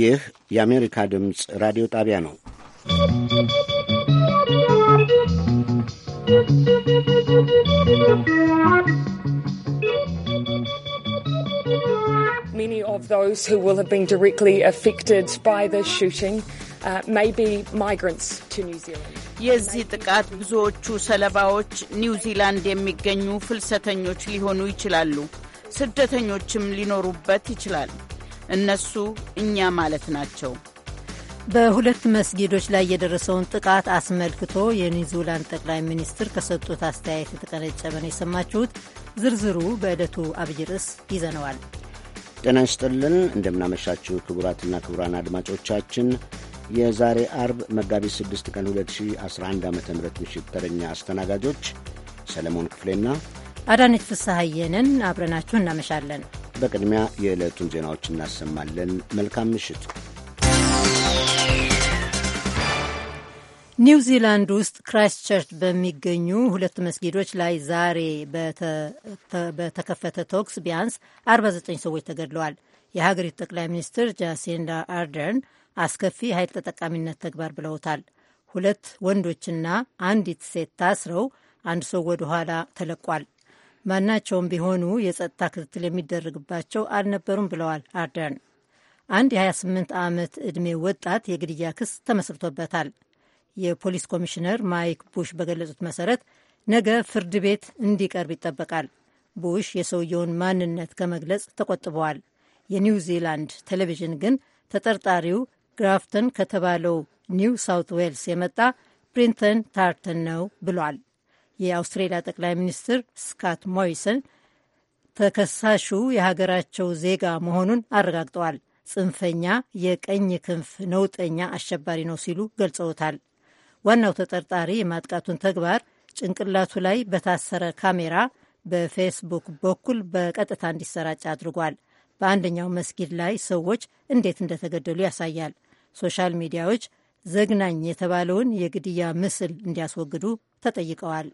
ይህ የአሜሪካ ድምፅ ራዲዮ ጣቢያ ነው። Many of those who will have been directly affected by the shooting uh, may be migrants to New Zealand. የዚህ ጥቃት ብዙዎቹ ሰለባዎች ኒውዚላንድ የሚገኙ ፍልሰተኞች ሊሆኑ ይችላሉ። ስደተኞችም ሊኖሩበት ይችላል። እነሱ እኛ ማለት ናቸው። በሁለት መስጊዶች ላይ የደረሰውን ጥቃት አስመልክቶ የኒውዚላንድ ጠቅላይ ሚኒስትር ከሰጡት አስተያየት የተቀነጨበ ነው የሰማችሁት። ዝርዝሩ በዕለቱ አብይ ርዕስ ይዘነዋል። ጤና ይስጥልን፣ እንደምናመሻችሁ ክቡራትና ክቡራን አድማጮቻችን የዛሬ አርብ መጋቢት 6 ቀን 2011 ዓ ም ምሽት ተረኛ አስተናጋጆች ሰለሞን ክፍሌና አዳነች ፍስሐየንን አብረናችሁ እናመሻለን። በቅድሚያ የዕለቱን ዜናዎች እናሰማለን። መልካም ምሽት። ኒው ዚላንድ ውስጥ ክራይስት ቸርች በሚገኙ ሁለት መስጊዶች ላይ ዛሬ በተከፈተ ተኩስ ቢያንስ 49 ሰዎች ተገድለዋል። የሀገሪቱ ጠቅላይ ሚኒስትር ጃሲንዳ አርደርን አስከፊ ኃይል ተጠቃሚነት ተግባር ብለውታል። ሁለት ወንዶችና አንዲት ሴት ታስረው አንድ ሰው ወደ ኋላ ተለቋል። ማናቸውም ቢሆኑ የጸጥታ ክትትል የሚደረግባቸው አልነበሩም ብለዋል አርደን አንድ የ28 ዓመት ዕድሜ ወጣት የግድያ ክስ ተመስርቶበታል። የፖሊስ ኮሚሽነር ማይክ ቡሽ በገለጹት መሰረት ነገ ፍርድ ቤት እንዲቀርብ ይጠበቃል። ቡሽ የሰውየውን ማንነት ከመግለጽ ተቆጥበዋል። የኒው ዚላንድ ቴሌቪዥን ግን ተጠርጣሪው ግራፍተን ከተባለው ኒው ሳውት ዌልስ የመጣ ፕሪንተን ታርተን ነው ብሏል። የአውስትሬሊያ ጠቅላይ ሚኒስትር ስካት ሞሪሰን ተከሳሹ የሀገራቸው ዜጋ መሆኑን አረጋግጠዋል። ጽንፈኛ የቀኝ ክንፍ ነውጠኛ አሸባሪ ነው ሲሉ ገልጸውታል። ዋናው ተጠርጣሪ የማጥቃቱን ተግባር ጭንቅላቱ ላይ በታሰረ ካሜራ በፌስቡክ በኩል በቀጥታ እንዲሰራጭ አድርጓል። በአንደኛው መስጊድ ላይ ሰዎች እንዴት እንደተገደሉ ያሳያል። ሶሻል ሚዲያዎች ዘግናኝ የተባለውን የግድያ ምስል እንዲያስወግዱ ተጠይቀዋል።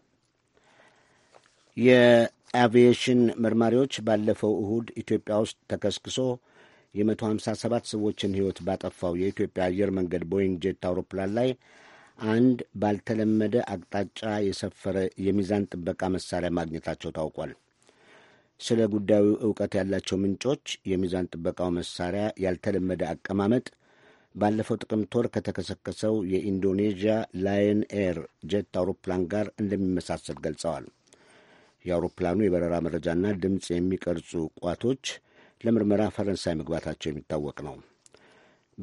የአቪዬሽን መርማሪዎች ባለፈው እሁድ ኢትዮጵያ ውስጥ ተከስክሶ ሀምሳ ሰባት ሰዎችን ሕይወት ባጠፋው የኢትዮጵያ አየር መንገድ ቦይንግ ጄት አውሮፕላን ላይ አንድ ባልተለመደ አቅጣጫ የሰፈረ የሚዛን ጥበቃ መሳሪያ ማግኘታቸው ታውቋል። ስለ ጉዳዩ እውቀት ያላቸው ምንጮች የሚዛን ጥበቃው መሳሪያ ያልተለመደ አቀማመጥ ባለፈው ጥቅምት ወር ከተከሰከሰው የኢንዶኔዥያ ላየን ኤር ጄት አውሮፕላን ጋር እንደሚመሳሰል ገልጸዋል። የአውሮፕላኑ የበረራ መረጃና ድምፅ የሚቀርጹ ቋቶች ለምርመራ ፈረንሳይ መግባታቸው የሚታወቅ ነው።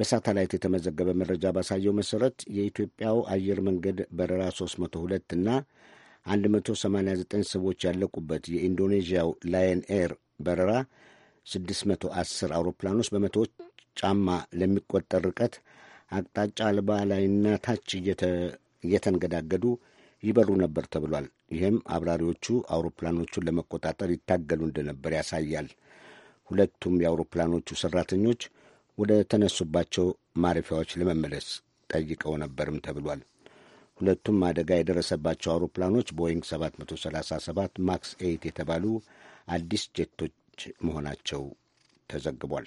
በሳተላይት የተመዘገበ መረጃ ባሳየው መሠረት የኢትዮጵያው አየር መንገድ በረራ 302 እና 189 ሰዎች ያለቁበት የኢንዶኔዥያው ላየን ኤር በረራ 610 አውሮፕላኖች በመቶዎች ጫማ ለሚቆጠር ርቀት አቅጣጫ አልባ ላይና ታች እየተንገዳገዱ ይበሩ ነበር ተብሏል። ይህም አብራሪዎቹ አውሮፕላኖቹን ለመቆጣጠር ይታገሉ እንደነበር ያሳያል። ሁለቱም የአውሮፕላኖቹ ሠራተኞች ወደ ተነሱባቸው ማረፊያዎች ለመመለስ ጠይቀው ነበርም ተብሏል። ሁለቱም አደጋ የደረሰባቸው አውሮፕላኖች ቦይንግ 737 ማክስ 8 የተባሉ አዲስ ጀቶች መሆናቸው ተዘግቧል።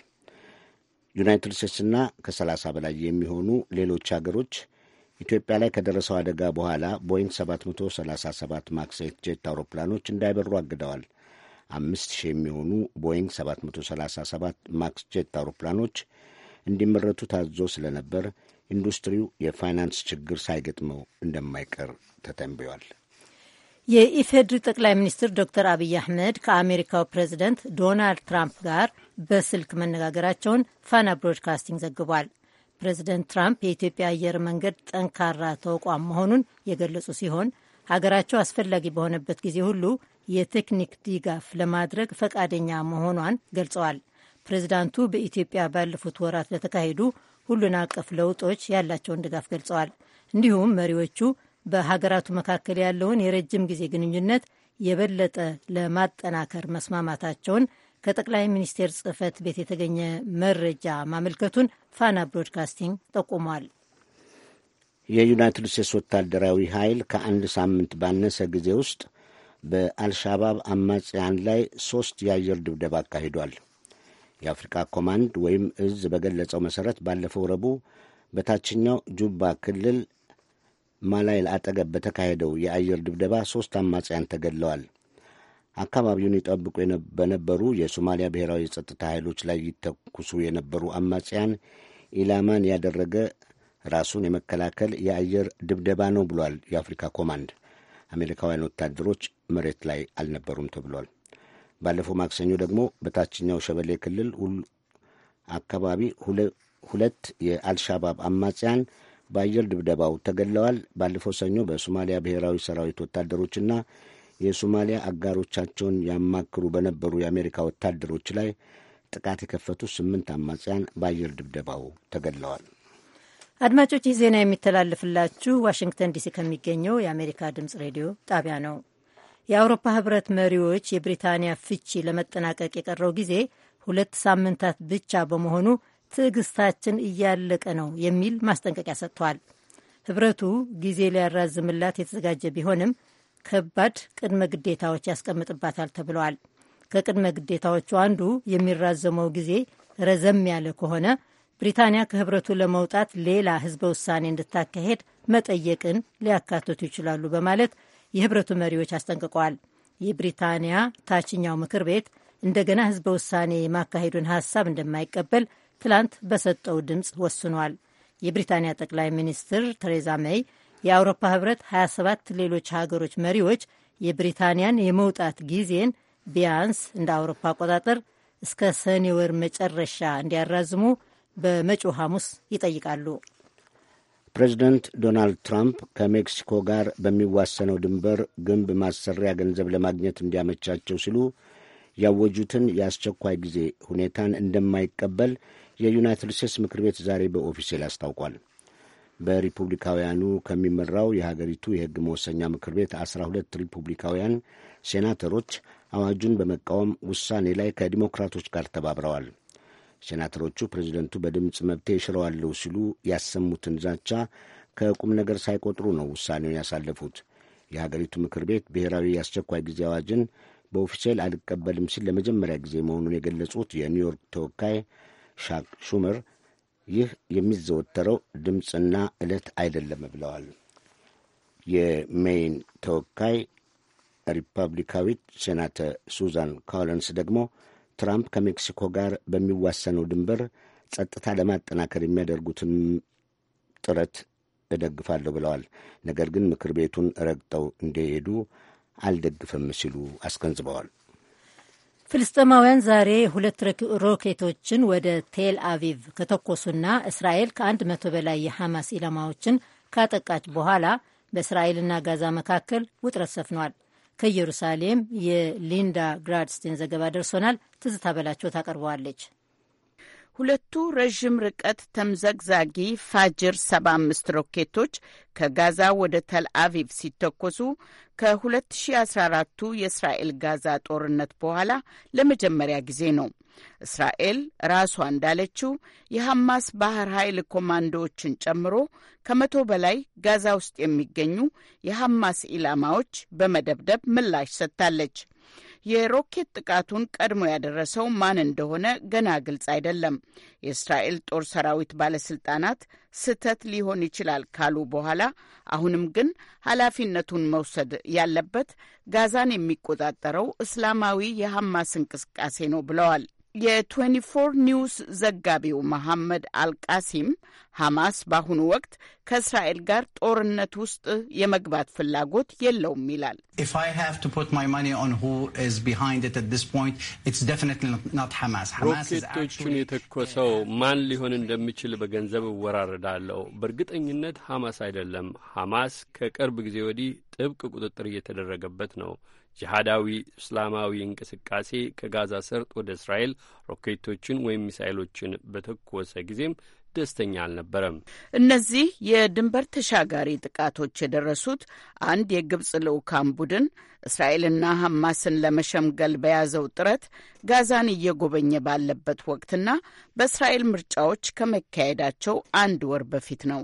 ዩናይትድ ስቴትስና ከ30 በላይ የሚሆኑ ሌሎች አገሮች ኢትዮጵያ ላይ ከደረሰው አደጋ በኋላ ቦይንግ 737 ማክስ ኤት ጄት አውሮፕላኖች እንዳይበሩ አግደዋል። አምስት ሺህ የሚሆኑ ቦይንግ 737 ማክስ ጄት አውሮፕላኖች እንዲመረቱ ታዞ ስለነበር ኢንዱስትሪው የፋይናንስ ችግር ሳይገጥመው እንደማይቀር ተተንብዮአል። የኢፌድሪ ጠቅላይ ሚኒስትር ዶክተር አብይ አህመድ ከአሜሪካው ፕሬዚደንት ዶናልድ ትራምፕ ጋር በስልክ መነጋገራቸውን ፋና ብሮድካስቲንግ ዘግቧል። ፕሬዚደንት ትራምፕ የኢትዮጵያ አየር መንገድ ጠንካራ ተቋም መሆኑን የገለጹ ሲሆን ሀገራቸው አስፈላጊ በሆነበት ጊዜ ሁሉ የቴክኒክ ድጋፍ ለማድረግ ፈቃደኛ መሆኗን ገልጸዋል። ፕሬዚዳንቱ በኢትዮጵያ ባለፉት ወራት ለተካሄዱ ሁሉን አቀፍ ለውጦች ያላቸውን ድጋፍ ገልጸዋል። እንዲሁም መሪዎቹ በሀገራቱ መካከል ያለውን የረጅም ጊዜ ግንኙነት የበለጠ ለማጠናከር መስማማታቸውን ከጠቅላይ ሚኒስቴር ጽህፈት ቤት የተገኘ መረጃ ማመልከቱን ፋና ብሮድካስቲንግ ጠቁሟል። የዩናይትድ ስቴትስ ወታደራዊ ኃይል ከአንድ ሳምንት ባነሰ ጊዜ ውስጥ በአልሻባብ አማጽያን ላይ ሦስት የአየር ድብደባ አካሂዷል። የአፍሪካ ኮማንድ ወይም እዝ በገለጸው መሠረት ባለፈው ረቡዕ በታችኛው ጁባ ክልል ማላይል አጠገብ በተካሄደው የአየር ድብደባ ሦስት አማጽያን ተገድለዋል። አካባቢውን ይጠብቁ በነበሩ የሶማሊያ ብሔራዊ የጸጥታ ኃይሎች ላይ ይተኩሱ የነበሩ አማጽያን ኢላማን ያደረገ ራሱን የመከላከል የአየር ድብደባ ነው ብሏል የአፍሪካ ኮማንድ። አሜሪካውያን ወታደሮች መሬት ላይ አልነበሩም ተብሏል። ባለፈው ማክሰኞ ደግሞ በታችኛው ሸበሌ ክልል አካባቢ ሁለት የአልሻባብ አማጽያን በአየር ድብደባው ተገለዋል። ባለፈው ሰኞ በሶማሊያ ብሔራዊ ሰራዊት ወታደሮችና የሶማሊያ አጋሮቻቸውን ያማክሩ በነበሩ የአሜሪካ ወታደሮች ላይ ጥቃት የከፈቱ ስምንት አማጽያን በአየር ድብደባው ተገድለዋል። አድማጮች ይህ ዜና የሚተላለፍላችሁ ዋሽንግተን ዲሲ ከሚገኘው የአሜሪካ ድምፅ ሬዲዮ ጣቢያ ነው። የአውሮፓ ህብረት መሪዎች የብሪታንያ ፍቺ ለመጠናቀቅ የቀረው ጊዜ ሁለት ሳምንታት ብቻ በመሆኑ ትዕግስታችን እያለቀ ነው የሚል ማስጠንቀቂያ ሰጥተዋል። ህብረቱ ጊዜ ሊያራዝምላት የተዘጋጀ ቢሆንም ከባድ ቅድመ ግዴታዎች ያስቀምጥባታል ተብለዋል። ከቅድመ ግዴታዎቹ አንዱ የሚራዘመው ጊዜ ረዘም ያለ ከሆነ ብሪታንያ ከህብረቱ ለመውጣት ሌላ ህዝበ ውሳኔ እንድታካሄድ መጠየቅን ሊያካትቱ ይችላሉ በማለት የህብረቱ መሪዎች አስጠንቅቀዋል። የብሪታንያ ታችኛው ምክር ቤት እንደገና ህዝበ ውሳኔ የማካሄዱን ሀሳብ እንደማይቀበል ትላንት በሰጠው ድምፅ ወስኗል። የብሪታንያ ጠቅላይ ሚኒስትር ቴሬዛ ሜይ የአውሮፓ ህብረት 27 ሌሎች ሀገሮች መሪዎች የብሪታንያን የመውጣት ጊዜን ቢያንስ እንደ አውሮፓ አቆጣጠር እስከ ሰኔ ወር መጨረሻ እንዲያራዝሙ በመጪው ሐሙስ ይጠይቃሉ። ፕሬዚደንት ዶናልድ ትራምፕ ከሜክሲኮ ጋር በሚዋሰነው ድንበር ግንብ ማሰሪያ ገንዘብ ለማግኘት እንዲያመቻቸው ሲሉ ያወጁትን የአስቸኳይ ጊዜ ሁኔታን እንደማይቀበል የዩናይትድ ስቴትስ ምክር ቤት ዛሬ በኦፊሴል አስታውቋል። በሪፑብሊካውያኑ ከሚመራው የሀገሪቱ የህግ መወሰኛ ምክር ቤት አስራ ሁለት ሪፑብሊካውያን ሴናተሮች አዋጁን በመቃወም ውሳኔ ላይ ከዲሞክራቶች ጋር ተባብረዋል። ሴናተሮቹ ፕሬዚደንቱ በድምፅ መብቴ ይሽረዋለሁ ሲሉ ያሰሙትን ዛቻ ከቁም ነገር ሳይቆጥሩ ነው ውሳኔውን ያሳለፉት። የሀገሪቱ ምክር ቤት ብሔራዊ የአስቸኳይ ጊዜ አዋጅን በኦፊሴል አልቀበልም ሲል ለመጀመሪያ ጊዜ መሆኑን የገለጹት የኒውዮርክ ተወካይ ሻክ ሹመር ይህ የሚዘወተረው ድምፅና ዕለት አይደለም ብለዋል። የሜይን ተወካይ ሪፐብሊካዊት ሴናተር ሱዛን ኮሊንስ ደግሞ ትራምፕ ከሜክሲኮ ጋር በሚዋሰነው ድንበር ጸጥታ ለማጠናከር የሚያደርጉትን ጥረት እደግፋለሁ ብለዋል። ነገር ግን ምክር ቤቱን ረግጠው እንደሄዱ አልደግፍም ሲሉ አስገንዝበዋል። ፍልስጤማውያን ዛሬ ሁለት ሮኬቶችን ወደ ቴል አቪቭ ከተኮሱና እስራኤል ከአንድ መቶ በላይ የሐማስ ኢላማዎችን ካጠቃች በኋላ በእስራኤልና ጋዛ መካከል ውጥረት ሰፍኗል። ከኢየሩሳሌም የሊንዳ ግራድስቲን ዘገባ ደርሶናል። ትዝታ በላቸው ታቀርበዋለች። ሁለቱ ረዥም ርቀት ተምዘግዛጊ ፋጅር 75 ሮኬቶች ከጋዛ ወደ ተልአቪቭ ሲተኮሱ ከ2014ቱ የእስራኤል ጋዛ ጦርነት በኋላ ለመጀመሪያ ጊዜ ነው። እስራኤል ራሷ እንዳለችው የሐማስ ባህር ኃይል ኮማንዶዎችን ጨምሮ ከመቶ በላይ ጋዛ ውስጥ የሚገኙ የሐማስ ኢላማዎች በመደብደብ ምላሽ ሰጥታለች። የሮኬት ጥቃቱን ቀድሞ ያደረሰው ማን እንደሆነ ገና ግልጽ አይደለም። የእስራኤል ጦር ሰራዊት ባለስልጣናት ስህተት ሊሆን ይችላል ካሉ በኋላ አሁንም ግን ኃላፊነቱን መውሰድ ያለበት ጋዛን የሚቆጣጠረው እስላማዊ የሐማስ እንቅስቃሴ ነው ብለዋል። የትዌንቲፎር ኒውስ ዘጋቢው መሐመድ አልቃሲም ሐማስ በአሁኑ ወቅት ከእስራኤል ጋር ጦርነት ውስጥ የመግባት ፍላጎት የለውም ይላል። ሮኬቶቹን የተኮሰው ማን ሊሆን እንደሚችል በገንዘብ እወራረዳለሁ። በእርግጠኝነት ሐማስ አይደለም። ሐማስ ከቅርብ ጊዜ ወዲህ ጥብቅ ቁጥጥር እየተደረገበት ነው። ጂሃዳዊ እስላማዊ እንቅስቃሴ ከጋዛ ሰርጥ ወደ እስራኤል ሮኬቶችን ወይም ሚሳይሎችን በተኮሰ ጊዜም ደስተኛ አልነበረም። እነዚህ የድንበር ተሻጋሪ ጥቃቶች የደረሱት አንድ የግብፅ ልዑካን ቡድን እስራኤልና ሐማስን ለመሸምገል በያዘው ጥረት ጋዛን እየጎበኘ ባለበት ወቅትና በእስራኤል ምርጫዎች ከመካሄዳቸው አንድ ወር በፊት ነው።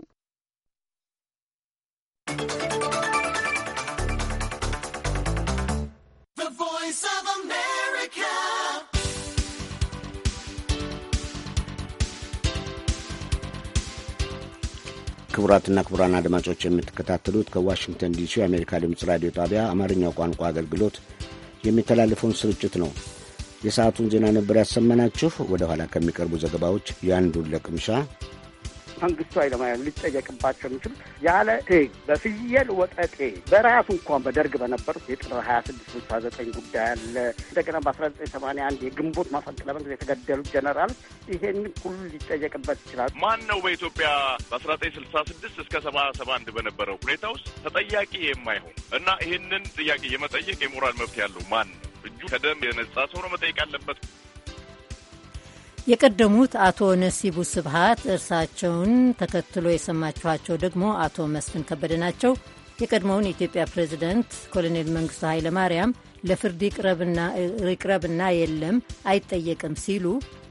ክቡራትና ክቡራን አድማጮች የምትከታተሉት ከዋሽንግተን ዲሲ የአሜሪካ ድምፅ ራዲዮ ጣቢያ አማርኛው ቋንቋ አገልግሎት የሚተላለፈውን ስርጭት ነው። የሰዓቱን ዜና ነበር ያሰማናችሁ። ወደ ኋላ ከሚቀርቡ ዘገባዎች የአንዱን ለቅምሻ መንግስቱ ኃይለማርያም ሊጠየቅባቸው የሚችሉት ያለ ህግ በፍየል ወጠጤ በራሱ እንኳን በደርግ በነበሩት የጥር ሀያ ስድስት ስልሳ ዘጠኝ ጉዳይ አለ። እንደገና በአስራ ዘጠኝ ሰማንያ አንድ የግንቦት ማፈንቅለ መንግስት የተገደሉት ጀነራል ይሄን ሁሉ ሊጠየቅበት ይችላል። ማን ነው በኢትዮጵያ በአስራ ዘጠኝ ስልሳ ስድስት እስከ ሰባ ሰባ አንድ በነበረው ሁኔታ ውስጥ ተጠያቂ የማይሆን እና ይህንን ጥያቄ የመጠየቅ የሞራል መብት ያለው ማን ነው? እጁ ከደም የነጻ ሰው ነው መጠየቅ ያለበት። የቀደሙት አቶ ነሲቡ ስብሃት፣ እርሳቸውን ተከትሎ የሰማችኋቸው ደግሞ አቶ መስፍን ከበደ ናቸው። የቀድሞውን የኢትዮጵያ ፕሬዚደንት ኮሎኔል መንግስቱ ኃይለማርያም ለፍርድ ይቅረብና የለም አይጠየቅም ሲሉ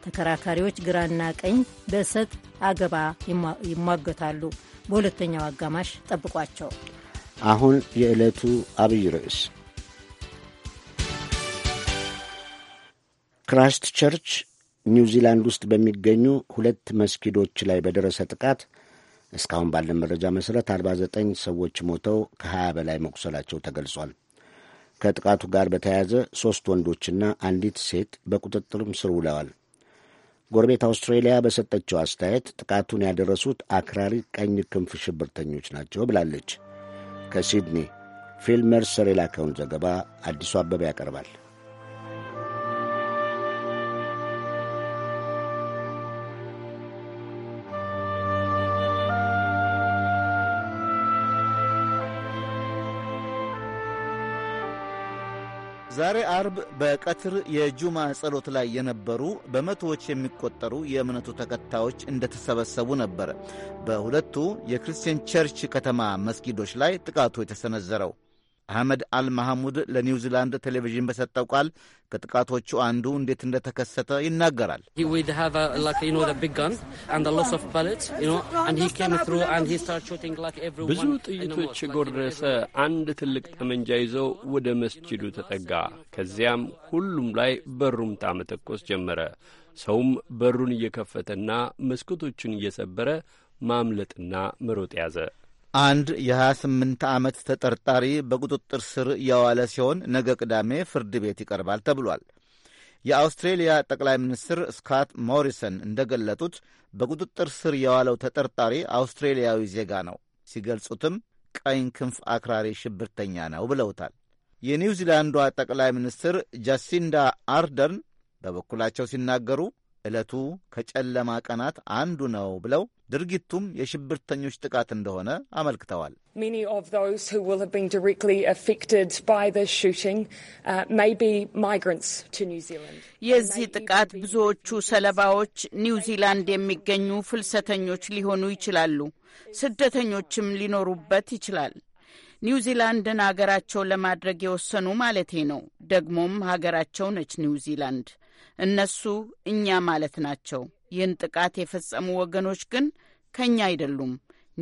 ተከራካሪዎች ግራና ቀኝ በእሰጥ አገባ ይሟገታሉ። በሁለተኛው አጋማሽ ጠብቋቸው። አሁን የዕለቱ አብይ ርዕስ ክራይስት ቸርች ኒውዚላንድ ውስጥ በሚገኙ ሁለት መስጊዶች ላይ በደረሰ ጥቃት እስካሁን ባለ መረጃ መሠረት 49 ሰዎች ሞተው ከ20 በላይ መቁሰላቸው ተገልጿል። ከጥቃቱ ጋር በተያያዘ ሦስት ወንዶችና አንዲት ሴት በቁጥጥርም ስር ውለዋል። ጎረቤት አውስትሬሊያ በሰጠችው አስተያየት ጥቃቱን ያደረሱት አክራሪ ቀኝ ክንፍ ሽብርተኞች ናቸው ብላለች። ከሲድኒ ፊል መርሰር የላከውን ዘገባ አዲሱ አበበ ያቀርባል። ዛሬ አርብ በቀትር የጁማ ጸሎት ላይ የነበሩ በመቶዎች የሚቆጠሩ የእምነቱ ተከታዮች እንደተሰበሰቡ ነበር በሁለቱ የክርስቲያን ቸርች ከተማ መስጊዶች ላይ ጥቃቱ የተሰነዘረው። አህመድ አልማሐሙድ ለኒውዚላንድ ቴሌቪዥን በሰጠው ቃል ከጥቃቶቹ አንዱ እንዴት እንደተከሰተ ይናገራል። ብዙ ጥይቶች የጎረሰ አንድ ትልቅ ጠመንጃ ይዘው ወደ መስጂዱ ተጠጋ። ከዚያም ሁሉም ላይ በሩምታ መተኮስ ጀመረ። ሰውም በሩን እየከፈተና መስኮቶቹን እየሰበረ ማምለጥና መሮጥ ያዘ። አንድ የ28 ዓመት ተጠርጣሪ በቁጥጥር ስር የዋለ ሲሆን ነገ ቅዳሜ ፍርድ ቤት ይቀርባል ተብሏል። የአውስትሬልያ ጠቅላይ ሚኒስትር ስካት ሞሪሰን እንደገለጡት በቁጥጥር ስር የዋለው ተጠርጣሪ አውስትሬልያዊ ዜጋ ነው። ሲገልጹትም ቀኝ ክንፍ አክራሪ ሽብርተኛ ነው ብለውታል። የኒውዚላንዷ ጠቅላይ ሚኒስትር ጃሲንዳ አርደርን በበኩላቸው ሲናገሩ ዕለቱ ከጨለማ ቀናት አንዱ ነው ብለው ድርጊቱም የሽብርተኞች ጥቃት እንደሆነ አመልክተዋል። uh, የዚህ ጥቃት ብዙዎቹ ሰለባዎች ኒውዚላንድ የሚገኙ ፍልሰተኞች ሊሆኑ ይችላሉ። ስደተኞችም ሊኖሩበት ይችላል። ኒውዚላንድን ሀገራቸው ለማድረግ የወሰኑ ማለቴ ነው። ደግሞም ሀገራቸው ነች ኒውዚላንድ እነሱ እኛ ማለት ናቸው። ይህን ጥቃት የፈጸሙ ወገኖች ግን ከእኛ አይደሉም።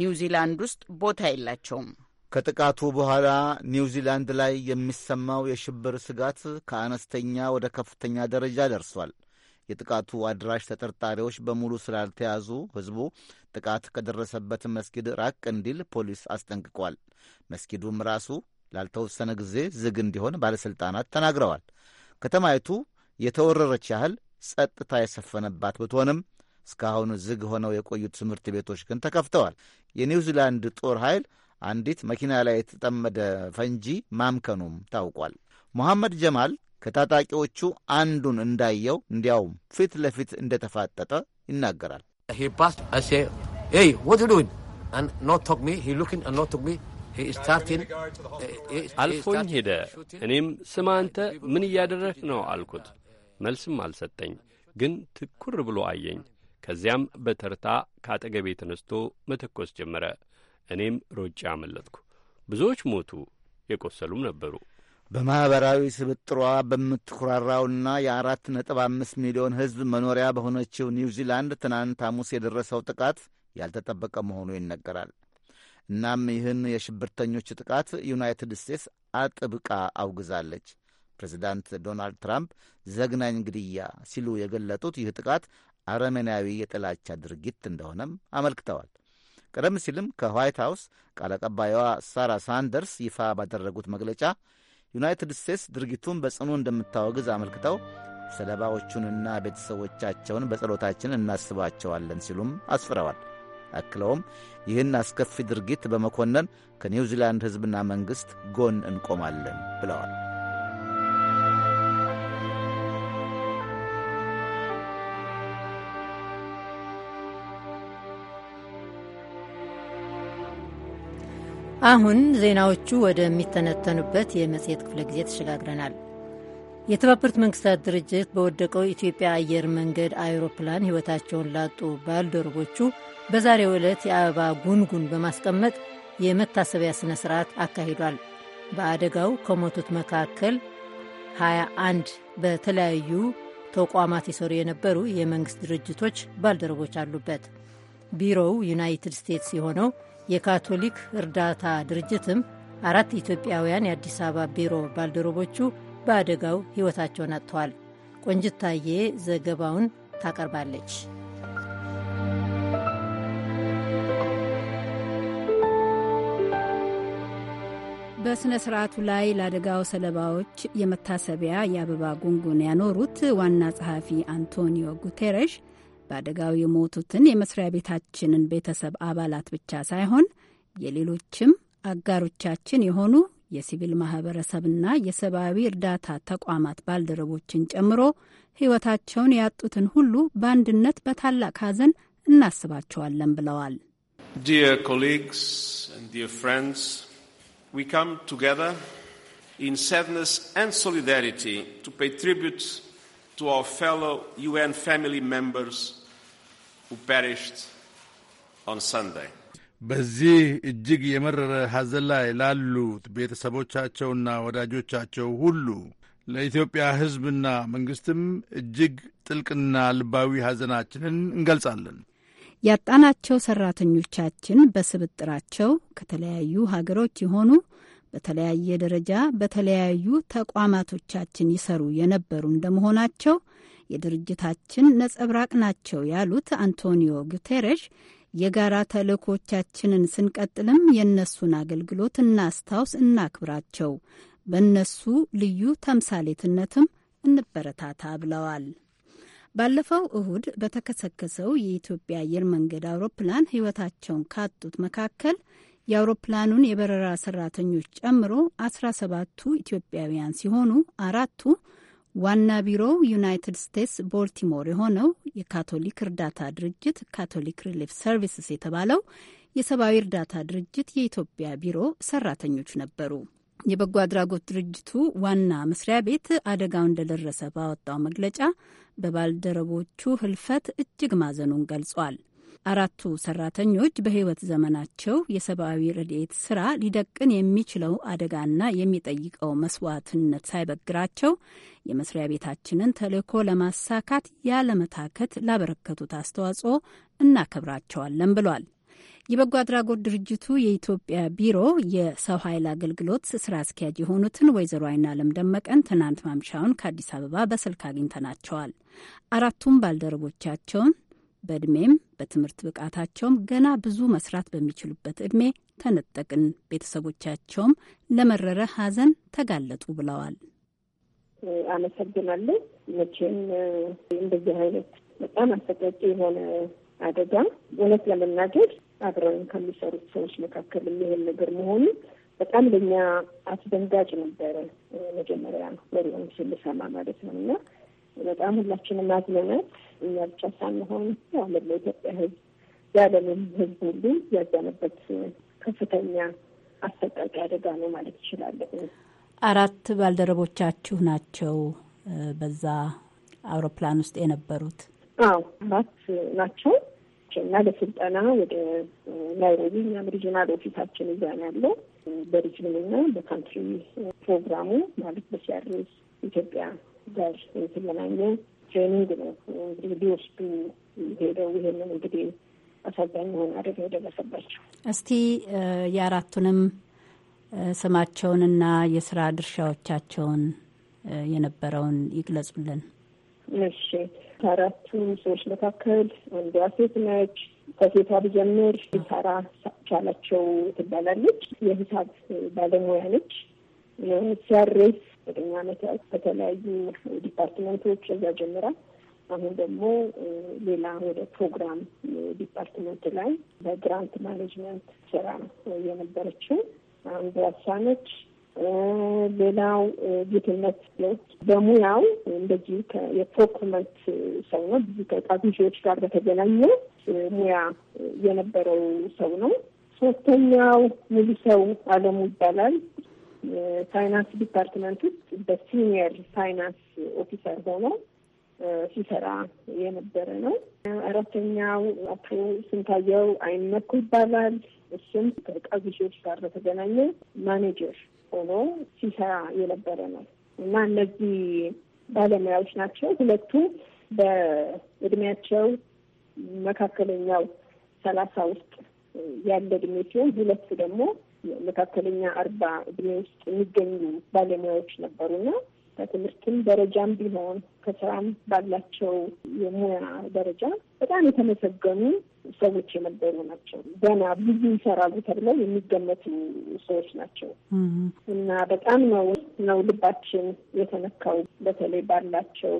ኒውዚላንድ ውስጥ ቦታ የላቸውም። ከጥቃቱ በኋላ ኒውዚላንድ ላይ የሚሰማው የሽብር ስጋት ከአነስተኛ ወደ ከፍተኛ ደረጃ ደርሷል። የጥቃቱ አድራሽ ተጠርጣሪዎች በሙሉ ስላልተያዙ ሕዝቡ ጥቃት ከደረሰበት መስጊድ ራቅ እንዲል ፖሊስ አስጠንቅቋል። መስጊዱም ራሱ ላልተወሰነ ጊዜ ዝግ እንዲሆን ባለሥልጣናት ተናግረዋል። ከተማይቱ የተወረረች ያህል ጸጥታ የሰፈነባት ብትሆንም እስካሁን ዝግ ሆነው የቆዩት ትምህርት ቤቶች ግን ተከፍተዋል። የኒውዚላንድ ጦር ኃይል አንዲት መኪና ላይ የተጠመደ ፈንጂ ማምከኑም ታውቋል። ሞሐመድ ጀማል ከታጣቂዎቹ አንዱን እንዳየው እንዲያውም ፊት ለፊት እንደተፋጠጠ ይናገራል። አልፎኝ ሄደ። እኔም ስማ አንተ ምን እያደረግህ ነው አልኩት። መልስም አልሰጠኝ፣ ግን ትኩር ብሎ አየኝ። ከዚያም በተርታ ከአጠገቤ ተነስቶ መተኮስ ጀመረ። እኔም ሮጬ አመለጥኩ። ብዙዎች ሞቱ፣ የቆሰሉም ነበሩ። በማኅበራዊ ስብጥሯ በምትኩራራውና የአራት ነጥብ አምስት ሚሊዮን ሕዝብ መኖሪያ በሆነችው ኒውዚላንድ ትናንት ሐሙስ የደረሰው ጥቃት ያልተጠበቀ መሆኑ ይነገራል። እናም ይህን የሽብርተኞች ጥቃት ዩናይትድ ስቴትስ አጥብቃ አውግዛለች። ፕሬዚዳንት ዶናልድ ትራምፕ ዘግናኝ ግድያ ሲሉ የገለጡት ይህ ጥቃት አረመናዊ የጥላቻ ድርጊት እንደሆነም አመልክተዋል። ቀደም ሲልም ከዋይት ሃውስ ቃል አቀባይዋ ሳራ ሳንደርስ ይፋ ባደረጉት መግለጫ ዩናይትድ ስቴትስ ድርጊቱን በጽኑ እንደምታወግዝ አመልክተው ሰለባዎቹንና ቤተሰቦቻቸውን በጸሎታችን እናስባቸዋለን ሲሉም አስፍረዋል። አክለውም ይህን አስከፊ ድርጊት በመኮነን ከኒውዚላንድ ሕዝብና መንግሥት ጎን እንቆማለን ብለዋል። አሁን ዜናዎቹ ወደሚተነተኑበት የመጽሔት ክፍለ ጊዜ ተሸጋግረናል። የተባበሩት መንግስታት ድርጅት በወደቀው ኢትዮጵያ አየር መንገድ አይሮፕላን ሕይወታቸውን ላጡ ባልደረቦቹ በዛሬው ዕለት የአበባ ጉንጉን በማስቀመጥ የመታሰቢያ ሥነ ሥርዓት አካሂዷል። በአደጋው ከሞቱት መካከል 21 በተለያዩ ተቋማት ይሰሩ የነበሩ የመንግሥት ድርጅቶች ባልደረቦች አሉበት። ቢሮው ዩናይትድ ስቴትስ የሆነው የካቶሊክ እርዳታ ድርጅትም አራት ኢትዮጵያውያን የአዲስ አበባ ቢሮ ባልደረቦቹ በአደጋው ሕይወታቸውን አጥተዋል። ቆንጅታዬ ዘገባውን ታቀርባለች። በሥነ ሥርዓቱ ላይ ለአደጋው ሰለባዎች የመታሰቢያ የአበባ ጉንጉን ያኖሩት ዋና ጸሐፊ አንቶኒዮ ጉቴሬሽ በአደጋው የሞቱትን የመስሪያ ቤታችንን ቤተሰብ አባላት ብቻ ሳይሆን የሌሎችም አጋሮቻችን የሆኑ የሲቪል ማህበረሰብና የሰብአዊ እርዳታ ተቋማት ባልደረቦችን ጨምሮ ህይወታቸውን ያጡትን ሁሉ በአንድነት በታላቅ ሀዘን እናስባቸዋለን ብለዋል። Dear colleagues and dear friends, we come together in sadness and solidarity to pay በዚህ እጅግ የመረረ ሐዘን ላይ ላሉት ቤተሰቦቻቸውና ወዳጆቻቸው ሁሉ ለኢትዮጵያ ሕዝብና መንግሥትም እጅግ ጥልቅና ልባዊ ሐዘናችንን እንገልጻለን። ያጣናቸው ሰራተኞቻችን በስብጥራቸው ከተለያዩ ሀገሮች የሆኑ በተለያየ ደረጃ በተለያዩ ተቋማቶቻችን ይሰሩ የነበሩ እንደመሆናቸው የድርጅታችን ነጸብራቅ ናቸው ያሉት አንቶኒዮ ጉቴሬሽ የጋራ ተልእኮቻችንን ስንቀጥልም የእነሱን አገልግሎት እናስታውስ፣ እናክብራቸው፣ በእነሱ ልዩ ተምሳሌትነትም እንበረታታ ብለዋል። ባለፈው እሁድ በተከሰከሰው የኢትዮጵያ አየር መንገድ አውሮፕላን ሕይወታቸውን ካጡት መካከል የአውሮፕላኑን የበረራ ሰራተኞች ጨምሮ አስራ ሰባቱ ኢትዮጵያውያን ሲሆኑ አራቱ ዋና ቢሮው ዩናይትድ ስቴትስ ቦልቲሞር የሆነው የካቶሊክ እርዳታ ድርጅት ካቶሊክ ሪሊፍ ሰርቪስስ የተባለው የሰብአዊ እርዳታ ድርጅት የኢትዮጵያ ቢሮ ሰራተኞች ነበሩ። የበጎ አድራጎት ድርጅቱ ዋና መስሪያ ቤት አደጋው እንደደረሰ ባወጣው መግለጫ በባልደረቦቹ ሕልፈት እጅግ ማዘኑን ገልጿል። አራቱ ሰራተኞች በህይወት ዘመናቸው የሰብአዊ ረድኤት ስራ ሊደቅን የሚችለው አደጋና የሚጠይቀው መስዋዕትነት ሳይበግራቸው የመስሪያ ቤታችንን ተልእኮ ለማሳካት ያለመታከት ላበረከቱት አስተዋጽኦ እናከብራቸዋለን ብሏል። የበጎ አድራጎት ድርጅቱ የኢትዮጵያ ቢሮ የሰው ኃይል አገልግሎት ስራ አስኪያጅ የሆኑትን ወይዘሮ አይናለም ደመቀን ትናንት ማምሻውን ከአዲስ አበባ በስልክ አግኝተናቸዋል። አራቱም ባልደረቦቻቸውን በእድሜም በትምህርት ብቃታቸውም ገና ብዙ መስራት በሚችሉበት ዕድሜ ተነጠቅን፣ ቤተሰቦቻቸውም ለመረረ ሐዘን ተጋለጡ ብለዋል። አመሰግናለሁ። መቼም እንደዚህ አይነት በጣም አሰቃቂ የሆነ አደጋ እውነት ለመናገር አብረን ከሚሰሩት ሰዎች መካከል የሚሆን ነገር መሆኑ በጣም ለእኛ አስደንጋጭ ነበረ። መጀመሪያ ነው ወሬውን ስንሰማ ማለት ነው እና በጣም ሁላችንም አዝነናል። እኛ ብቻ ሳንሆን ያለ ለኢትዮጵያ ህዝብ የዓለምም ህዝብ ሁሉ ያዘነበት ከፍተኛ አሰቃቂ አደጋ ነው ማለት ይችላለሁ። አራት ባልደረቦቻችሁ ናቸው በዛ አውሮፕላን ውስጥ የነበሩት? አዎ አራት ናቸው እና ለስልጠና ወደ ናይሮቢ እኛም ሪጅናል ኦፊሳችን እዛ ነው ያለው። በሪጅንና በካንትሪ ፕሮግራሙ ማለት በሲያርስ ኢትዮጵያ ጋር የተገናኘ ትሬኒንግ ነው እንግዲህ ሊወስዱ ሄደው ይሄንን እንግዲህ አሳዛኝ የሆነ አደጋ የደረሰባቸው። እስቲ የአራቱንም ስማቸውንና የስራ ድርሻዎቻቸውን የነበረውን ይግለጹልን። እሺ፣ ከአራቱ ሰዎች መካከል አንዷ ሴት ነች። ከሴቷ ብጀምር ሳራ ቻላቸው ትባላለች። የሂሳብ ባለሙያ ነች። ሲያሬስ ዘጠኝ ዓመታት በተለያዩ ዲፓርትመንቶች እዛ ጀምራል። አሁን ደግሞ ሌላ ወደ ፕሮግራም ዲፓርትመንት ላይ በግራንት ማኔጅመንት ስራ የነበረችው አንዱ አሳነች። ሌላው ጌትነት በሙያው እንደዚህ የፕሮክመንት ሰው ነው። ብዙ ከዕቃ ጋር በተገናኘ ሙያ የነበረው ሰው ነው። ሶስተኛው ሙሉ ሰው አለሙ ይባላል። ፋይናንስ ዲፓርትመንት ውስጥ በሲኒየር ፋይናንስ ኦፊሰር ሆኖ ሲሰራ የነበረ ነው። አራተኛው አቶ ስንታየው አይመኩ ይባላል። እሱም ከቃዚሾች ጋር በተገናኘ ማኔጀር ሆኖ ሲሰራ የነበረ ነው እና እነዚህ ባለሙያዎች ናቸው። ሁለቱ በእድሜያቸው መካከለኛው ሰላሳ ውስጥ ያለ እድሜ ሲሆን ሁለቱ ደግሞ መካከለኛ አርባ እድሜ ውስጥ የሚገኙ ባለሙያዎች ነበሩና ከትምህርትም ደረጃም ቢሆን ከስራም ባላቸው የሙያ ደረጃ በጣም የተመሰገኑ ሰዎች የነበሩ ናቸው። ገና ብዙ ይሰራሉ ተብለው የሚገመቱ ሰዎች ናቸው እና በጣም ነው ነው ልባችን የተነካው በተለይ ባላቸው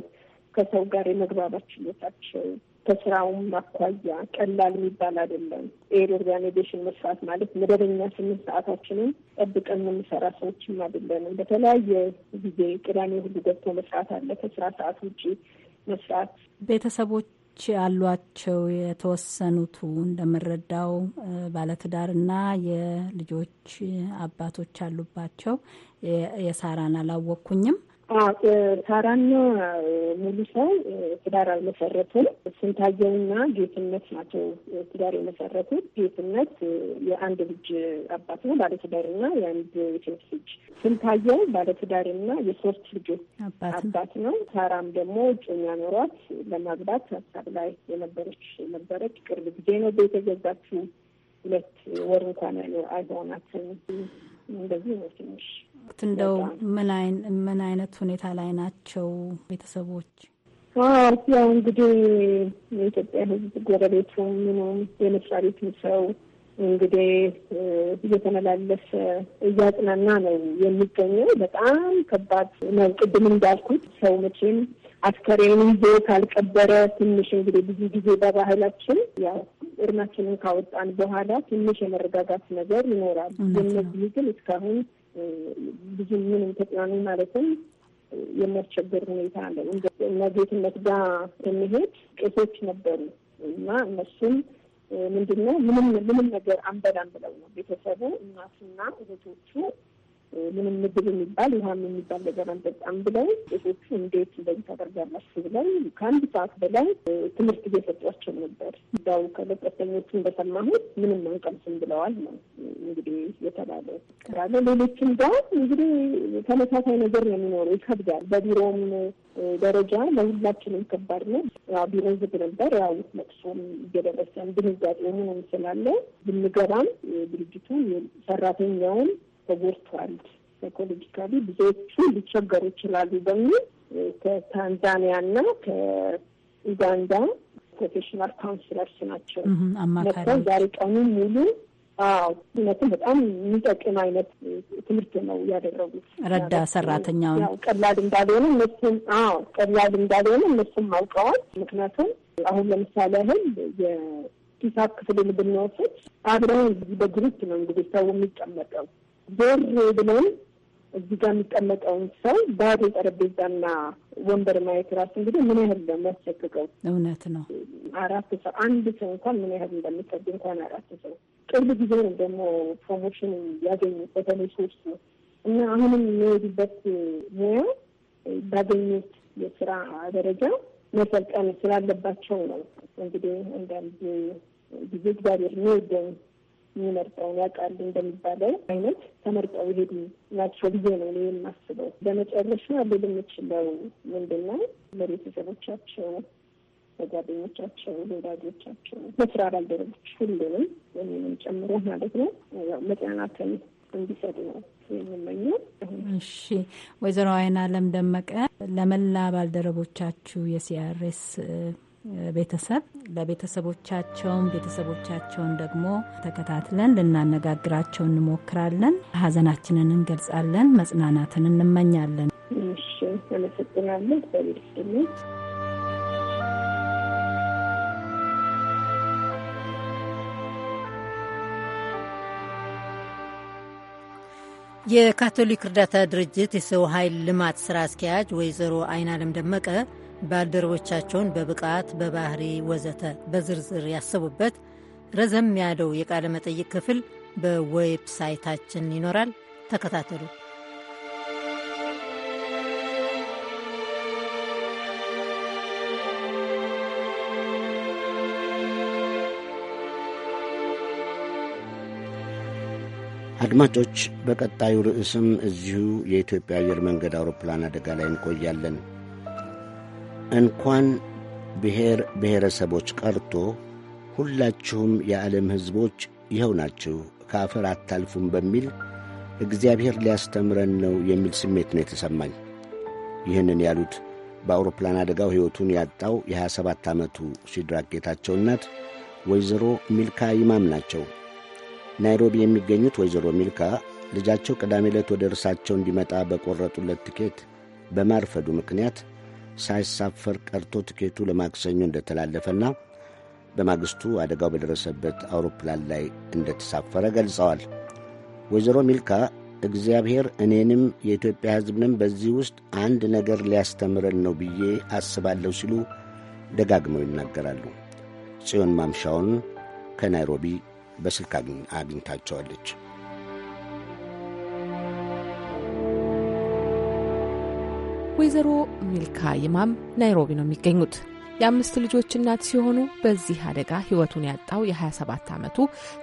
ከሰው ጋር የመግባባት ችሎታቸው ከስራውም አኳያ ቀላል የሚባል አይደለም። ኤድ ኦርጋናይዜሽን መስራት ማለት መደበኛ ስምንት ሰዓታችንን ጠብቀን የምንሰራ ሰዎችም አይደለንም። በተለያየ ጊዜ ቅዳሜ ሁሉ ገብቶ መስራት አለ። ከስራ ሰዓት ውጭ መስራት ቤተሰቦች አሏቸው። የተወሰኑቱ እንደምንረዳው ባለትዳርና የልጆች አባቶች አሉባቸው። የሳራን አላወቅኩኝም ሳራና ሙሉ ሰው ትዳር አልመሰረቱም። ስንታየውና ጌትነት ናቸው ትዳር የመሰረቱት። ጌትነት የአንድ ልጅ አባት ነው፣ ባለትዳርና የአንድ ሴት ልጅ። ስንታየው ባለትዳርና የሶስት ልጆች አባት ነው። ታራም ደግሞ እጮኛ ኖሯት ለማግባት ሀሳብ ላይ የነበረች ነበረች። ቅርብ ጊዜ ነው ቤት ሁለት ወር እንኳን አይሆናትም። እንደዚህ ነው ትንሽ እንደው ምን አይነት ሁኔታ ላይ ናቸው ቤተሰቦች? ያው እንግዲህ የኢትዮጵያ ሕዝብ ጎረቤቱ ምኑ የመስሪያ ቤቱም ሰው እንግዲህ እየተመላለሰ እያጽናና ነው የሚገኘው። በጣም ከባድ ነው። ቅድም እንዳልኩት ሰው መቼም አስከሬን ይዞ ካልቀበረ ትንሽ እንግዲህ ብዙ ጊዜ በባህላችን ያው እርማችንን ካወጣን በኋላ ትንሽ የመረጋጋት ነገር ይኖራል። የነዚህ ግን እስካሁን ብዙ ምንም ተጽናኑ ማለትም የሚያስቸግር ሁኔታ አለ። እና ጌትነት ጋር የሚሄድ ቄሶች ነበሩ እና እነሱም ምንድነው ምንም ምንም ነገር አንበላም ብለው ነው ቤተሰቡ እናቱና እህቶቹ ምንም ምግብ የሚባል ውሃም የሚባል ነገር አንጠጣም ብለው ቄሶቹ እንዴት እንደዚህ ታደርጋላችሁ ብለው ከአንድ ሰዓት በላይ ትምህርት እየሰጧቸው ነበር። እዛው ከለቀተኞቹ እንደሰማሁት ምንም አንቀምስም ብለዋል ነው እንግዲህ የተባለ ራለ ሌሎችም ጋር እንግዲህ ተመሳሳይ ነገር ነው የሚኖሩ። ይከብዳል። በቢሮም ደረጃ ለሁላችንም ከባድ ነው። ቢሮ ዝግ ነበር። ያው ለቅሶም እየደረሰን ድንጋጤ ሆኖ ስላለ ብንገባም ድርጅቱ ሰራተኛውን ተጎድተዋል፣ ሳይኮሎጂካሊ ብዙዎቹ ሊቸገሩ ይችላሉ በሚል ከታንዛኒያና ከኡጋንዳ ፕሮፌሽናል ካውንስለርስ ናቸው መጥተው ዛሬ ቀኑን ሙሉ አዎ እውነትም በጣም የሚጠቅም አይነት ትምህርት ነው ያደረጉት። ረዳ ሰራተኛው ቀላል እንዳልሆነ እነሱም ቀላል እንዳልሆነ እነሱም አውቀዋል። ምክንያቱም አሁን ለምሳሌ ያህል የሂሳብ ክፍልን ብንወስድ አብረን በግሩፕ ነው እንግዲህ ሰው የሚቀመጠው ዞር ብለን እዚህ ጋር የሚቀመጠውን ሰው ባዶ ጠረጴዛና ወንበር ማየት ራሱ እንግዲህ ምን ያህል የሚያስቸግቀው እውነት ነው። አራት ሰው አንድ ሰው እንኳን ምን ያህል እንደሚከብድ እንኳን አራት ሰው ቅርብ ጊዜ ነው ደግሞ ፕሮሞሽን ያገኙ በተለይ ሶስት ነው እና አሁንም የሚሄዱበት ሙያ ባገኙት የስራ ደረጃ መሰልጠን ስላለባቸው ነው። እንግዲህ አንዳንድ ጊዜ እግዚአብሔር የሚወደውን የሚመርጠውን ያውቃል እንደሚባለው አይነት ተመርጠው ይሄዱ ናቸው ብዬ ነው እኔ የማስበው። በመጨረሻ ልል የምችለው ምንድን ነው ለቤተሰቦቻቸው፣ ለጓደኞቻቸው፣ ለወዳጆቻቸው፣ ለስራ ባልደረቦች ሁሉንም እኔንም ጨምሮ ማለት ነው መጽናናትን እንዲሰጡ ነው እሺ ወይዘሮ አይን አለም ደመቀ ለመላ ባልደረቦቻችሁ የሲአርኤስ ቤተሰብ ለቤተሰቦቻቸውም ቤተሰቦቻቸውን ደግሞ ተከታትለን ልናነጋግራቸው እንሞክራለን። ሀዘናችንን እንገልጻለን። መጽናናትን እንመኛለን። የካቶሊክ እርዳታ ድርጅት የሰው ኃይል ልማት ስራ አስኪያጅ ወይዘሮ አይናለም ደመቀ ባልደረቦቻቸውን በብቃት፣ በባህሪ ወዘተ በዝርዝር ያሰቡበት ረዘም ያለው የቃለ መጠይቅ ክፍል በዌብሳይታችን ይኖራል። ተከታተሉ። አድማጮች፣ በቀጣዩ ርዕስም እዚሁ የኢትዮጵያ አየር መንገድ አውሮፕላን አደጋ ላይ እንቆያለን። እንኳን ብሔር ብሔረሰቦች ቀርቶ ሁላችሁም የዓለም ሕዝቦች ይኸው ናችሁ፣ ከአፈር አታልፉም በሚል እግዚአብሔር ሊያስተምረን ነው የሚል ስሜት ነው የተሰማኝ። ይህንን ያሉት በአውሮፕላን አደጋው ሕይወቱን ያጣው የ27 ዓመቱ ሲድራክ ጌታቸው እናት ወይዘሮ ሚልካ ይማም ናቸው። ናይሮቢ የሚገኙት ወይዘሮ ሚልካ ልጃቸው ቅዳሜ ዕለት ወደ እርሳቸው እንዲመጣ በቈረጡለት ትኬት በማርፈዱ ምክንያት ሳይሳፈር ቀርቶ ትኬቱ ለማክሰኞ እንደተላለፈና በማግስቱ አደጋው በደረሰበት አውሮፕላን ላይ እንደተሳፈረ ገልጸዋል። ወይዘሮ ሚልካ እግዚአብሔር እኔንም የኢትዮጵያ ሕዝብንም በዚህ ውስጥ አንድ ነገር ሊያስተምረን ነው ብዬ አስባለሁ ሲሉ ደጋግመው ይናገራሉ። ጽዮን ማምሻውን ከናይሮቢ በስልክ አግኝታቸዋለች። ወይዘሮ ሚልካ ይማም ናይሮቢ ነው የሚገኙት። የአምስት ልጆች እናት ሲሆኑ በዚህ አደጋ ሕይወቱን ያጣው የ27 ዓመቱ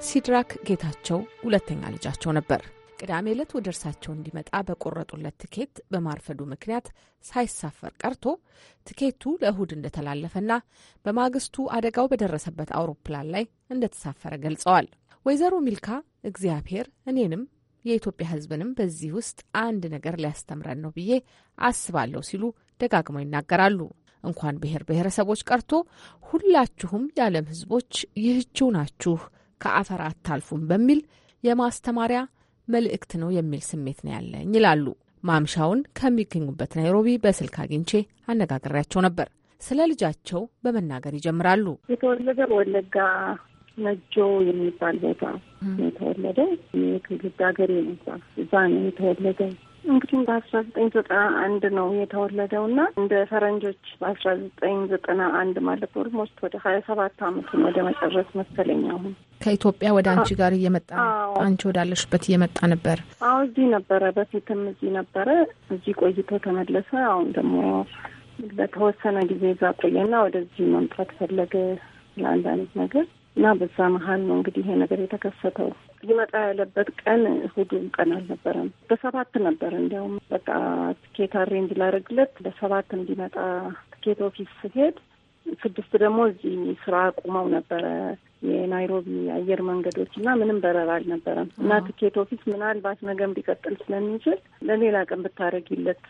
ሲድራክ ጌታቸው ሁለተኛ ልጃቸው ነበር። ቅዳሜ ዕለት ወደ እርሳቸው እንዲመጣ በቆረጡለት ትኬት በማርፈዱ ምክንያት ሳይሳፈር ቀርቶ ትኬቱ ለእሁድ እንደተላለፈና በማግስቱ አደጋው በደረሰበት አውሮፕላን ላይ እንደተሳፈረ ገልጸዋል። ወይዘሮ ሚልካ እግዚአብሔር እኔንም የኢትዮጵያ ሕዝብንም በዚህ ውስጥ አንድ ነገር ሊያስተምረን ነው ብዬ አስባለሁ ሲሉ ደጋግመው ይናገራሉ። እንኳን ብሔር ብሔረሰቦች ቀርቶ ሁላችሁም የዓለም ሕዝቦች ይህችው ናችሁ፣ ከአፈር አታልፉም በሚል የማስተማሪያ መልእክት ነው የሚል ስሜት ነው ያለኝ ይላሉ። ማምሻውን ከሚገኙበት ናይሮቢ በስልክ አግኝቼ አነጋግሬያቸው ነበር። ስለ ልጃቸው በመናገር ይጀምራሉ። የተወለደ ወለጋ ነጆ የሚባል ቦታ የተወለደ የክልል ሀገር ነዛ እዛ ነው የተወለደ። እንግዲህ በአስራ ዘጠኝ ዘጠና አንድ ነው የተወለደው እና እንደ ፈረንጆች በአስራ ዘጠኝ ዘጠና አንድ ማለት ኦልሞስት ወደ ሀያ ሰባት አመቱን ወደ መጨረስ መሰለኝ አሁን ከኢትዮጵያ ወደ አንቺ ጋር እየመጣ አንቺ ወዳለሽበት እየመጣ ነበር። አዎ እዚህ ነበረ፣ በፊትም እዚህ ነበረ። እዚህ ቆይቶ ተመለሰ። አሁን ደግሞ ለተወሰነ ጊዜ እዛ ቆየና ወደዚህ መምጣት ፈለገ ለአንዳንድ ነገር እና በዛ መሀል ነው እንግዲህ ይሄ ነገር የተከሰተው። ሊመጣ ያለበት ቀን እሑዱም ቀን አልነበረም። በሰባት ነበር። እንዲያውም በቃ ትኬት አሬንጅ ላደርግለት በሰባት እንዲመጣ ትኬት ኦፊስ ስሄድ ስድስት ደግሞ እዚህ ስራ ቁመው ነበረ የናይሮቢ አየር መንገዶች እና ምንም በረራ አልነበረም እና ትኬት ኦፊስ ምናልባት ነገም ሊቀጥል ስለሚችል ለሌላ ቀን ብታደረግለት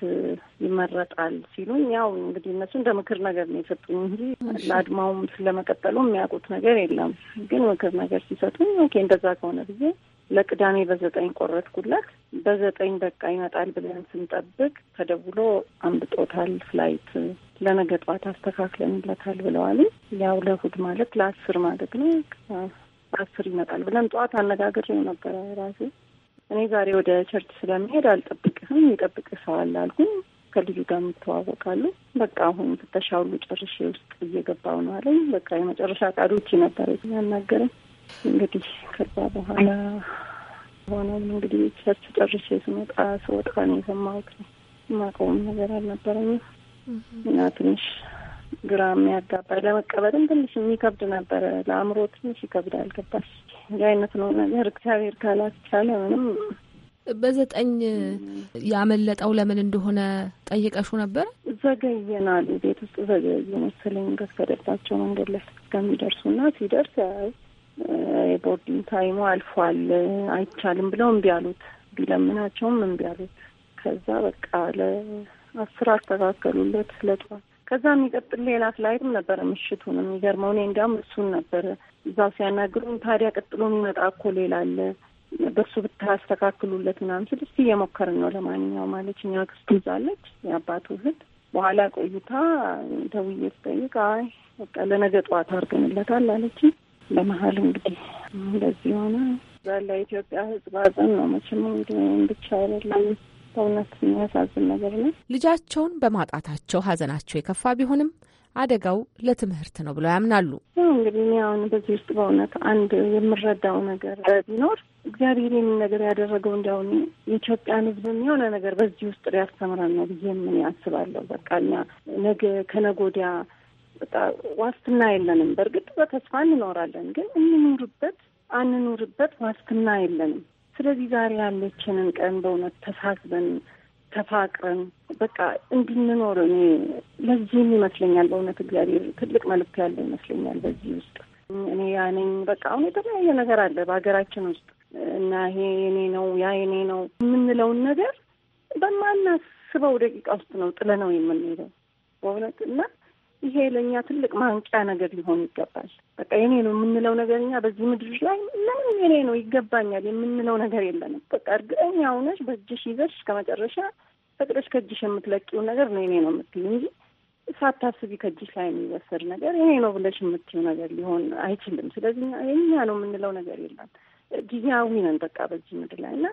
ይመረጣል ሲሉኝ፣ ያው እንግዲህ እነሱ እንደ ምክር ነገር ነው የሰጡኝ እንጂ ለአድማውም ስለመቀጠሉ የሚያውቁት ነገር የለም። ግን ምክር ነገር ሲሰጡኝ ኦኬ እንደዛ ከሆነ ብዬ ለቅዳሜ በዘጠኝ ቆረጥኩለት። በዘጠኝ በቃ ይመጣል ብለን ስንጠብቅ ተደውሎ አምብጦታል። ፍላይት ለነገ ጠዋት አስተካክለንለታል ብለዋል። ያው ለእሑድ ማለት ለአስር ማለት ነው። አስር ይመጣል ብለን ጠዋት አነጋግሬው ነበረ ራሴ እኔ ዛሬ ወደ ቸርች ስለሚሄድ አልጠብቅህም፣ ይጠብቅህ ሰው አለ አልኩኝ። ከልዩ ጋር የምተዋወቃሉ። በቃ አሁን ፍተሻ ሁሉ ጨርሼ ውስጥ እየገባው ነው አለኝ። በቃ የመጨረሻ ቃዶች ነበረ ያናገረኝ እንግዲህ ከዛ በኋላ ሆነውም እንግዲህ ቸርች ጨርሼ ስመጣ ስወጣ ነው የሰማሁት። ማቀውም ነገር አልነበረኝም እና ትንሽ ግራ የሚያጋባ ለመቀበልም ትንሽ የሚከብድ ነበረ። ለአእምሮ ትንሽ ይከብዳል። ገባሽ? እንዲህ አይነት ነው ነገር እግዚአብሔር ካላስቻለ ምንም። በዘጠኝ ያመለጠው ለምን እንደሆነ ጠይቀሹ ነበር። ዘገየናል ቤት ውስጥ ዘገየ መሰለኝ። ገስ ከደባቸው መንገድ ላይ እስከሚደርሱ እና ሲደርስ የቦርዲንግ ታይሙ አልፏል፣ አይቻልም ብለው እምቢ አሉት። ቢለምናቸውም እምቢ አሉት። ከዛ በቃ ለአስር አስተካከሉለት ለጠዋት። ከዛ የሚቀጥል ሌላ ፍላይትም ነበረ ምሽቱን። የሚገርመው እኔ እንዲያውም እሱን ነበረ እዛው ሲያናግሩኝ፣ ታዲያ ቀጥሎ የሚመጣ እኮ ሌላ አለ በእሱ ብታስተካክሉለት ምናምን ስል እስኪ እየሞከርን ነው ለማንኛውም አለች። እኛ ክስቱ ይዛለች የአባቱ እህት። በኋላ ቆይታ ደውዬ ስጠይቅ አይ በቃ ለነገ ጠዋት አድርገንለታል አለችኝ። በመሀል እንግዲህ እንደዚህ ሆነ። ዛላ ኢትዮጵያ ህዝብ ሐዘን ነው መቼም እንግዲህ ብቻ አይደለም። በእውነት የሚያሳዝን ነገር ነው። ልጃቸውን በማጣታቸው ሀዘናቸው የከፋ ቢሆንም አደጋው ለትምህርት ነው ብለው ያምናሉ። እንግዲህ እኔ አሁን በዚህ ውስጥ በእውነት አንድ የምረዳው ነገር ቢኖር እግዚአብሔር ይህንን ነገር ያደረገው እንዲያውም የኢትዮጵያን ህዝብ የሚሆነ ነገር በዚህ ውስጥ ሊያስተምረን ነው ብዬ ምን ያስባለሁ። በቃ እኛ ነገ ከነጎዲያ በቃ ዋስትና የለንም። በእርግጥ በተስፋ እንኖራለን፣ ግን እንኑርበት አንኑርበት ዋስትና የለንም። ስለዚህ ዛሬ ያለችንን ቀን በእውነት ተሳስበን ተፋቅረን በቃ እንድንኖር እኔ ለዚህም ይመስለኛል በእውነት እግዚአብሔር ትልቅ መልክ ያለው ይመስለኛል በዚህ ውስጥ እኔ ያነኝ በቃ አሁን የተለያየ ነገር አለ በሀገራችን ውስጥ እና ይሄ የኔ ነው ያ የኔ ነው የምንለውን ነገር በማናስበው ደቂቃ ውስጥ ነው ጥለነው የምንሄደው በእውነት እና ይሄ ለእኛ ትልቅ ማንቂያ ነገር ሊሆን ይገባል። በቃ የኔ ነው የምንለው ነገር እኛ በዚህ ምድር ላይ ለምን የኔ ነው ይገባኛል የምንለው ነገር የለንም። በቃ እርግጠኛ ሆነሽ በእጅሽ ይዘሽ እስከ መጨረሻ ፈቅደሽ ከእጅሽ የምትለቂው ነገር ነው የኔ ነው የምትል እንጂ ሳታስቢ ከእጅሽ ላይ የሚወሰድ ነገር የኔ ነው ብለሽ የምትይው ነገር ሊሆን አይችልም። ስለዚህ የኛ ነው የምንለው ነገር የለም። ጊዜያዊ ነን በቃ በዚህ ምድር ላይ እና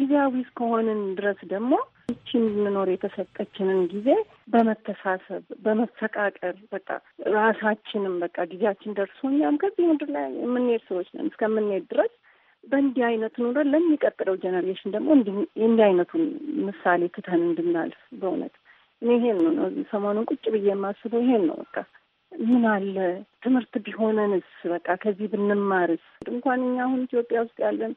ጊዜያዊ እስከሆንን ድረስ ደግሞ ይቺን እንድንኖር የተሰጠችንን ጊዜ በመተሳሰብ በመፈቃቀር በቃ ራሳችንም በቃ ጊዜያችን ደርሶ እኛም ከዚህ ምድር ላይ የምንሄድ ሰዎች ነን። እስከምንሄድ ድረስ በእንዲህ አይነት ኑረ ለሚቀጥለው ጀኔሬሽን ደግሞ እንዲህ አይነቱን ምሳሌ ትተን እንድናልፍ በእውነት እኔ ይሄን ነው ሰሞኑን ቁጭ ብዬ የማስበው ይሄን ነው በቃ ምን አለ ትምህርት ቢሆነንስ በቃ ከዚህ ብንማርስ እንኳን እኛ አሁን ኢትዮጵያ ውስጥ ያለን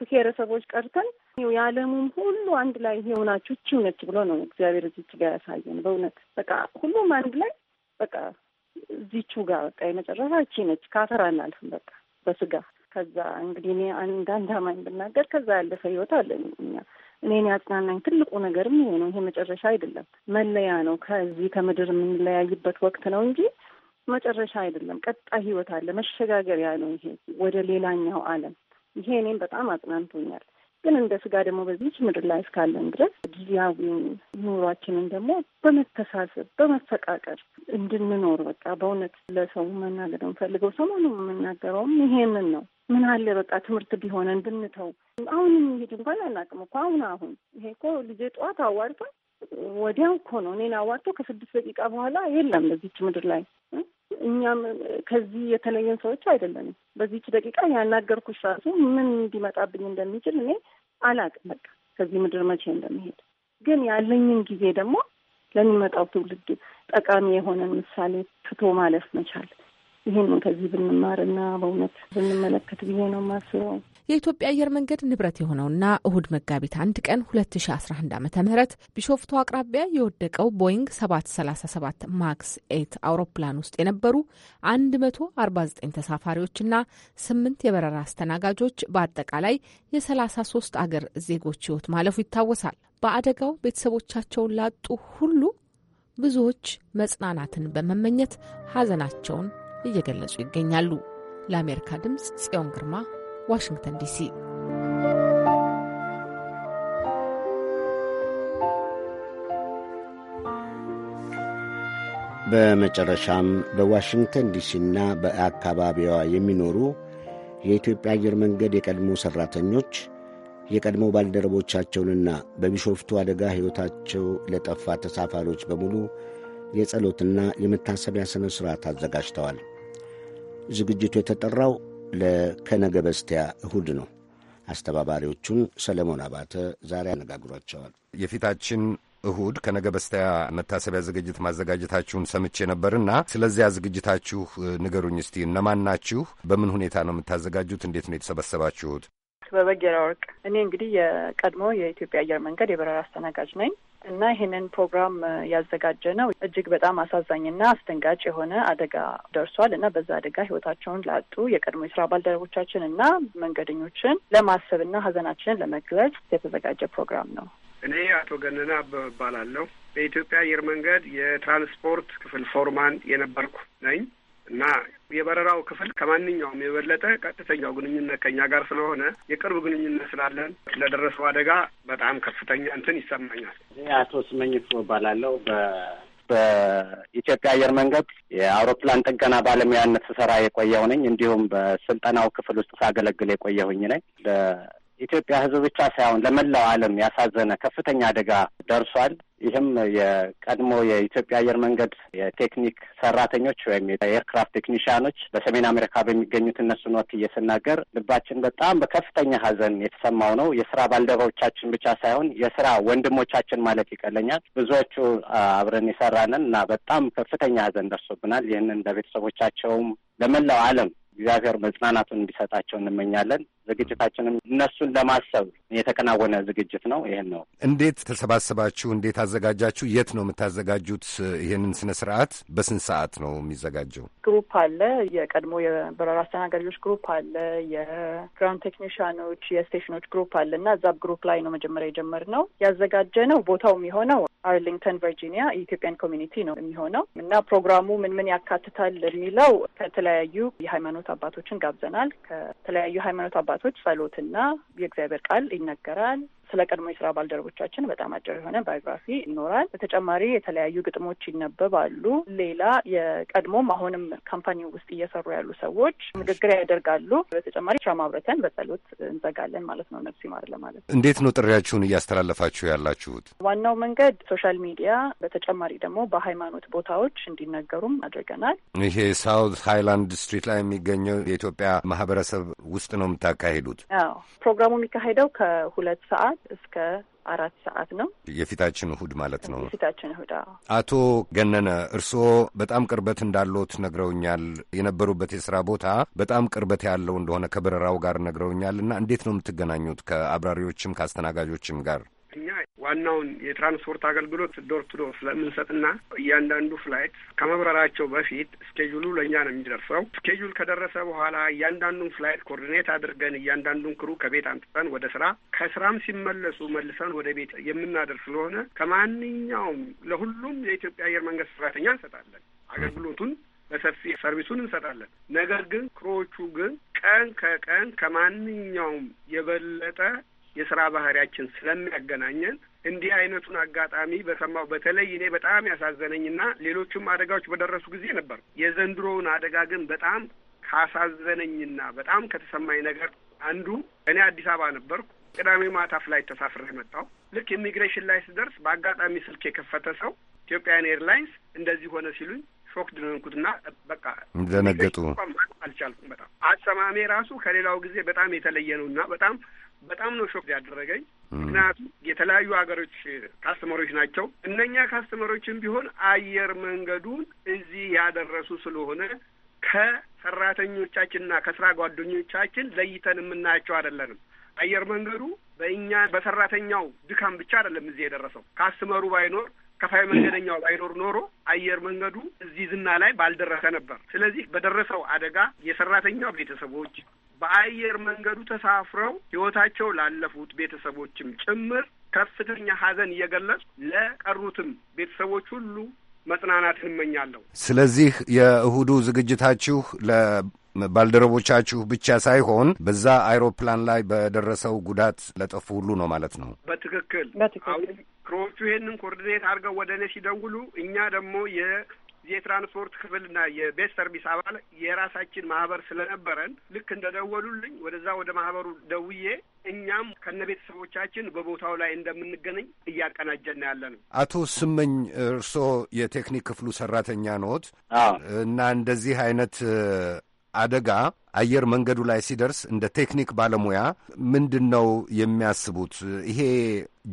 ብሔረሰቦች ቀርተን የዓለሙም ሁሉ አንድ ላይ የሆናችሁ እች ነች ብሎ ነው እግዚአብሔር እዚች ጋር ያሳየን። በእውነት በቃ ሁሉም አንድ ላይ በቃ እዚቹ ጋር በቃ የመጨረሻ እቺ ነች። ካፈር አናልፍም በቃ በስጋ ከዛ እንግዲህ እኔ አንድ አንድ አማኝ ብናገር ከዛ ያለፈ ህይወት አለ። እኛ እኔን ያጽናናኝ ትልቁ ነገርም ይሄ ነው። ይሄ መጨረሻ አይደለም፣ መለያ ነው። ከዚህ ከምድር የምንለያይበት ወቅት ነው እንጂ መጨረሻ አይደለም። ቀጣይ ህይወት አለ፣ መሸጋገሪያ ነው። ይሄ ወደ ሌላኛው ዓለም ይሄ እኔም በጣም አጽናንቶኛል። ግን እንደ ስጋ ደግሞ በዚች ምድር ላይ እስካለን ድረስ ጊዜያዊ ኑሯችንን ደግሞ በመተሳሰብ በመፈቃቀር እንድንኖር በቃ በእውነት ለሰው መናገር የምፈልገው ሰሞኑን የምናገረውም ይሄንን ነው። ምን አለ በቃ ትምህርት ቢሆነን ብንተው። አሁን የሚሄድ እንኳን አናውቅም እኮ አሁን አሁን ይሄ እኮ ልጄ ጠዋት አዋርቷል ወዲያው እኮ ነው እኔን አዋጡ ከስድስት ደቂቃ በኋላ የለም በዚች ምድር ላይ እኛም ከዚህ የተለየን ሰዎች አይደለንም። በዚች ደቂቃ ያናገርኩሽ ራሱ ምን እንዲመጣብኝ እንደሚችል እኔ አላቅም። በቃ ከዚህ ምድር መቼ እንደሚሄድ ግን ያለኝን ጊዜ ደግሞ ለሚመጣው ትውልድ ጠቃሚ የሆነን ምሳሌ ትቶ ማለፍ መቻል ይህን ከዚህ ብንማርና በእውነት ብንመለከት ብዬ ነው የማስበው። የኢትዮጵያ አየር መንገድ ንብረት የሆነውና እሁድ መጋቢት አንድ ቀን 2011 ዓ ም ቢሾፍቱ አቅራቢያ የወደቀው ቦይንግ 737 ማክስ ኤት አውሮፕላን ውስጥ የነበሩ 149 ተሳፋሪዎችና 8 የበረራ አስተናጋጆች በአጠቃላይ የ33 አገር ዜጎች ሕይወት ማለፉ ይታወሳል። በአደጋው ቤተሰቦቻቸውን ላጡ ሁሉ ብዙዎች መጽናናትን በመመኘት ሐዘናቸውን እየገለጹ ይገኛሉ። ለአሜሪካ ድምፅ ጽዮን ግርማ ዋሽንግተን ዲሲ። በመጨረሻም በዋሽንግተን ዲሲና በአካባቢዋ የሚኖሩ የኢትዮጵያ አየር መንገድ የቀድሞ ሠራተኞች የቀድሞ ባልደረቦቻቸውንና በቢሾፍቱ አደጋ ሕይወታቸው ለጠፋ ተሳፋሪዎች በሙሉ የጸሎትና የመታሰቢያ ሥነ ሥርዓት አዘጋጅተዋል። ዝግጅቱ የተጠራው ለከነገ በስቲያ እሁድ ነው። አስተባባሪዎቹን ሰለሞን አባተ ዛሬ አነጋግሯቸዋል። የፊታችን እሁድ ከነገ በስቲያ መታሰቢያ ዝግጅት ማዘጋጀታችሁን ሰምቼ ነበርና ስለዚያ ዝግጅታችሁ ንገሩኝ እስቲ። እነማን ናችሁ? በምን ሁኔታ ነው የምታዘጋጁት? እንዴት ነው የተሰበሰባችሁት? በበጌራ ወርቅ። እኔ እንግዲህ የቀድሞ የኢትዮጵያ አየር መንገድ የበረራ አስተናጋጅ ነኝ። እና ይህንን ፕሮግራም ያዘጋጀ ነው እጅግ በጣም አሳዛኝና አስደንጋጭ የሆነ አደጋ ደርሷል እና በዛ አደጋ ህይወታቸውን ላጡ የቀድሞ የስራ ባልደረቦቻችን እና መንገደኞችን ለማሰብና ሀዘናችንን ለመግለጽ የተዘጋጀ ፕሮግራም ነው። እኔ አቶ ገነና አበበ እባላለሁ። በኢትዮጵያ አየር መንገድ የትራንስፖርት ክፍል ፎርማን የነበርኩ ነኝ። እና የበረራው ክፍል ከማንኛውም የበለጠ ቀጥተኛው ግንኙነት ከኛ ጋር ስለሆነ የቅርብ ግንኙነት ስላለን ለደረሰው አደጋ በጣም ከፍተኛ እንትን ይሰማኛል። አቶ ስመኝት እባላለሁ። በኢትዮጵያ አየር መንገድ የአውሮፕላን ጥገና ባለሙያነት ስሰራ የቆየሁ ነኝ። እንዲሁም በስልጠናው ክፍል ውስጥ ሳገለግል የቆየሁኝ ነኝ። የኢትዮጵያ ሕዝብ ብቻ ሳይሆን ለመላው ዓለም ያሳዘነ ከፍተኛ አደጋ ደርሷል። ይህም የቀድሞ የኢትዮጵያ አየር መንገድ የቴክኒክ ሰራተኞች ወይም የኤርክራፍት ቴክኒሽያኖች በሰሜን አሜሪካ በሚገኙት እነሱን ወክዬ ስናገር ልባችን በጣም በከፍተኛ ሀዘን የተሰማው ነው። የስራ ባልደረቦቻችን ብቻ ሳይሆን የስራ ወንድሞቻችን ማለት ይቀለኛል። ብዙዎቹ አብረን የሰራንን እና በጣም ከፍተኛ ሀዘን ደርሶብናል። ይህንን ለቤተሰቦቻቸውም ለመላው ዓለም እግዚአብሔር መጽናናቱን እንዲሰጣቸው እንመኛለን። ዝግጅታችንም እነሱን ለማሰብ የተከናወነ ዝግጅት ነው። ይህን ነው። እንዴት ተሰባሰባችሁ? እንዴት አዘጋጃችሁ? የት ነው የምታዘጋጁት? ይህንን ስነ ስርዓት በስንት ሰዓት ነው የሚዘጋጀው? ግሩፕ አለ። የቀድሞ የበረራ አስተናጋጆች ግሩፕ አለ። የግራውንድ ቴክኒሽያኖች፣ የስቴሽኖች ግሩፕ አለ እና እዛ ግሩፕ ላይ ነው መጀመሪያ የጀመርነው። ያዘጋጀ ነው ቦታው የሚሆነው አርሊንግተን ቨርጂኒያ የኢትዮጵያን ኮሚኒቲ ነው የሚሆነው እና ፕሮግራሙ ምን ምን ያካትታል የሚለው ከተለያዩ የሃይማኖት አባቶችን ጋብዘናል። ከተለያዩ ሃይማኖት አባቶች ምክንያቶች ጸሎትና የእግዚአብሔር ቃል ይነገራል። ስለ ቀድሞ የስራ ባልደረቦቻችን በጣም አጭር የሆነ ባዮግራፊ ይኖራል። በተጨማሪ የተለያዩ ግጥሞች ይነበባሉ። ሌላ የቀድሞም አሁንም ካምፓኒ ውስጥ እየሰሩ ያሉ ሰዎች ንግግር ያደርጋሉ። በተጨማሪ ሻማ አብረተን በጸሎት እንዘጋለን ማለት ነው። ነፍስ ይማር ለማለት እንዴት ነው ጥሪያችሁን እያስተላለፋችሁ ያላችሁት? ዋናው መንገድ ሶሻል ሚዲያ፣ በተጨማሪ ደግሞ በሃይማኖት ቦታዎች እንዲነገሩም አድርገናል። ይሄ ሳውት ሃይላንድ ስትሪት ላይ የሚገኘው የኢትዮጵያ ማህበረሰብ ውስጥ ነው የምታካሂዱት? ፕሮግራሙ የሚካሄደው ከሁለት ሰዓት እስከ አራት ሰዓት ነው። የፊታችን እሁድ ማለት ነው። የፊታችን እሁድ። አቶ ገነነ እርስዎ በጣም ቅርበት እንዳለት ነግረውኛል። የነበሩበት የስራ ቦታ በጣም ቅርበት ያለው እንደሆነ ከበረራው ጋር ነግረውኛል። እና እንዴት ነው የምትገናኙት ከአብራሪዎችም ከአስተናጋጆችም ጋር? እኛ ዋናውን የትራንስፖርት አገልግሎት ዶር ቱ ዶር ስለምንሰጥና እያንዳንዱ ፍላይት ከመብረራቸው በፊት ስኬጁሉ ለእኛ ነው የሚደርሰው። ስኬጁል ከደረሰ በኋላ እያንዳንዱን ፍላይት ኮኦርዲኔት አድርገን እያንዳንዱን ክሩ ከቤት አንጥተን ወደ ስራ ከስራም ሲመለሱ መልሰን ወደ ቤት የምናደርስ ስለሆነ ከማንኛውም ለሁሉም የኢትዮጵያ አየር መንገድ ሰራተኛ እንሰጣለን አገልግሎቱን በሰፊ ሰርቪሱን እንሰጣለን። ነገር ግን ክሮዎቹ ግን ቀን ከቀን ከማንኛውም የበለጠ የስራ ባህሪያችን ስለሚያገናኘን እንዲህ አይነቱን አጋጣሚ በሰማው በተለይ እኔ በጣም ያሳዘነኝና ሌሎቹም አደጋዎች በደረሱ ጊዜ ነበር። የዘንድሮውን አደጋ ግን በጣም ካሳዘነኝና በጣም ከተሰማኝ ነገር አንዱ እኔ አዲስ አበባ ነበርኩ። ቅዳሜ ማታ ፍላይት ተሳፍሬ መጣሁ። ልክ ኢሚግሬሽን ላይ ስደርስ በአጋጣሚ ስልክ የከፈተ ሰው ኢትዮጵያን ኤርላይንስ እንደዚህ ሆነ ሲሉኝ ሾክ ድንንኩትና በቃ ደነገጡ። አልቻልኩም። በጣም አሰማሜ ራሱ ከሌላው ጊዜ በጣም የተለየ ነው እና በጣም በጣም ነው ሾክ ያደረገኝ። ምክንያቱም የተለያዩ ሀገሮች ካስተመሮች ናቸው። እነኛ ካስተመሮችም ቢሆን አየር መንገዱን እዚህ ያደረሱ ስለሆነ ከሰራተኞቻችንና ከስራ ጓደኞቻችን ለይተን የምናያቸው አይደለንም። አየር መንገዱ በእኛ በሰራተኛው ድካም ብቻ አይደለም እዚህ የደረሰው። ካስተመሩ ባይኖር ከፋይ መንገደኛው ባይኖር ኖሮ አየር መንገዱ እዚህ ዝና ላይ ባልደረሰ ነበር። ስለዚህ በደረሰው አደጋ የሰራተኛው ቤተሰቦች በአየር መንገዱ ተሳፍረው ሕይወታቸው ላለፉት ቤተሰቦችም ጭምር ከፍተኛ ሐዘን እየገለጹ ለቀሩትም ቤተሰቦች ሁሉ መጽናናት እንመኛለሁ። ስለዚህ የእሁዱ ዝግጅታችሁ ባልደረቦቻችሁ ብቻ ሳይሆን በዛ አይሮፕላን ላይ በደረሰው ጉዳት ለጠፉ ሁሉ ነው ማለት ነው። በትክክል አሁን ክሮቹ ይህንን ኮርዲኔት አድርገው ወደ እኔ ሲደውሉ እኛ ደግሞ የ የትራንስፖርት ክፍልና የቤት ሰርቪስ አባል የራሳችን ማህበር ስለነበረን ልክ እንደ ደወሉልኝ ወደዛ ወደ ማህበሩ ደውዬ እኛም ከነ ቤተሰቦቻችን በቦታው ላይ እንደምንገናኝ እያቀናጀና ያለ ነው። አቶ ስመኝ እርስዎ የቴክኒክ ክፍሉ ሰራተኛ ኖት እና እንደዚህ አይነት አደጋ አየር መንገዱ ላይ ሲደርስ እንደ ቴክኒክ ባለሙያ ምንድን ነው የሚያስቡት? ይሄ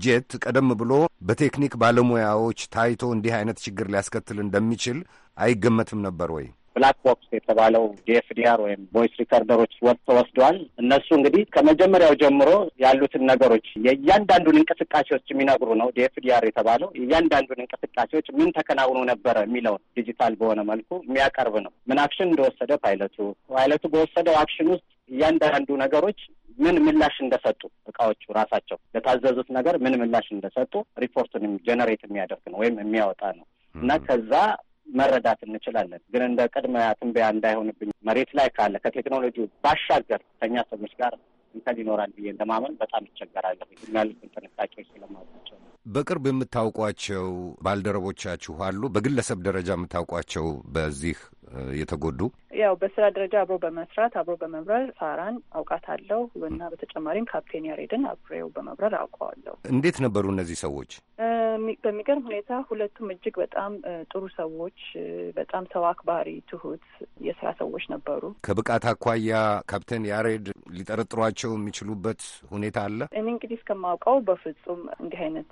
ጄት ቀደም ብሎ በቴክኒክ ባለሙያዎች ታይቶ እንዲህ አይነት ችግር ሊያስከትል እንደሚችል አይገመትም ነበር ወይ? ብላክ ቦክስ የተባለው ዲኤፍዲአር ወይም ቮይስ ሪከርደሮች ተወስደዋል። እነሱ እንግዲህ ከመጀመሪያው ጀምሮ ያሉትን ነገሮች የእያንዳንዱን እንቅስቃሴዎች የሚነግሩ ነው። ዲኤፍዲአር የተባለው የእያንዳንዱን እንቅስቃሴዎች ምን ተከናውኖ ነበረ የሚለውን ዲጂታል በሆነ መልኩ የሚያቀርብ ነው። ምን አክሽን እንደወሰደ ፓይለቱ ፓይለቱ በወሰደው አክሽን ውስጥ እያንዳንዱ ነገሮች ምን ምላሽ እንደሰጡ እቃዎቹ ራሳቸው ለታዘዙት ነገር ምን ምላሽ እንደሰጡ ሪፖርቱን ጀነሬት የሚያደርግ ነው ወይም የሚያወጣ ነው እና ከዛ መረዳት እንችላለን። ግን እንደ ቅድመ ትንበያ እንዳይሆንብኝ መሬት ላይ ካለ ከቴክኖሎጂ ባሻገር ከኛ ሰዎች ጋር እንትን ይኖራል ብዬ እንደማመን በጣም ይቸገራለሁ። ያሉትን ጥንቃቄዎች ስለማውቃቸው ነው። በቅርብ የምታውቋቸው ባልደረቦቻችሁ አሉ? በግለሰብ ደረጃ የምታውቋቸው በዚህ የተጎዱ ያው በስራ ደረጃ አብሮ በመስራት አብሮ በመብረር ሳራን አውቃታለሁ እና በተጨማሪም ካፕቴን ያሬድን አብሬው በመብረር አውቀዋለሁ። እንዴት ነበሩ እነዚህ ሰዎች? በሚገርም ሁኔታ ሁለቱም እጅግ በጣም ጥሩ ሰዎች፣ በጣም ሰው አክባሪ፣ ትሁት የስራ ሰዎች ነበሩ። ከብቃት አኳያ ካፕቴን ያሬድ ሊጠረጥሯቸው የሚችሉበት ሁኔታ አለ? እኔ እንግዲህ እስከማውቀው በፍጹም እንዲህ አይነት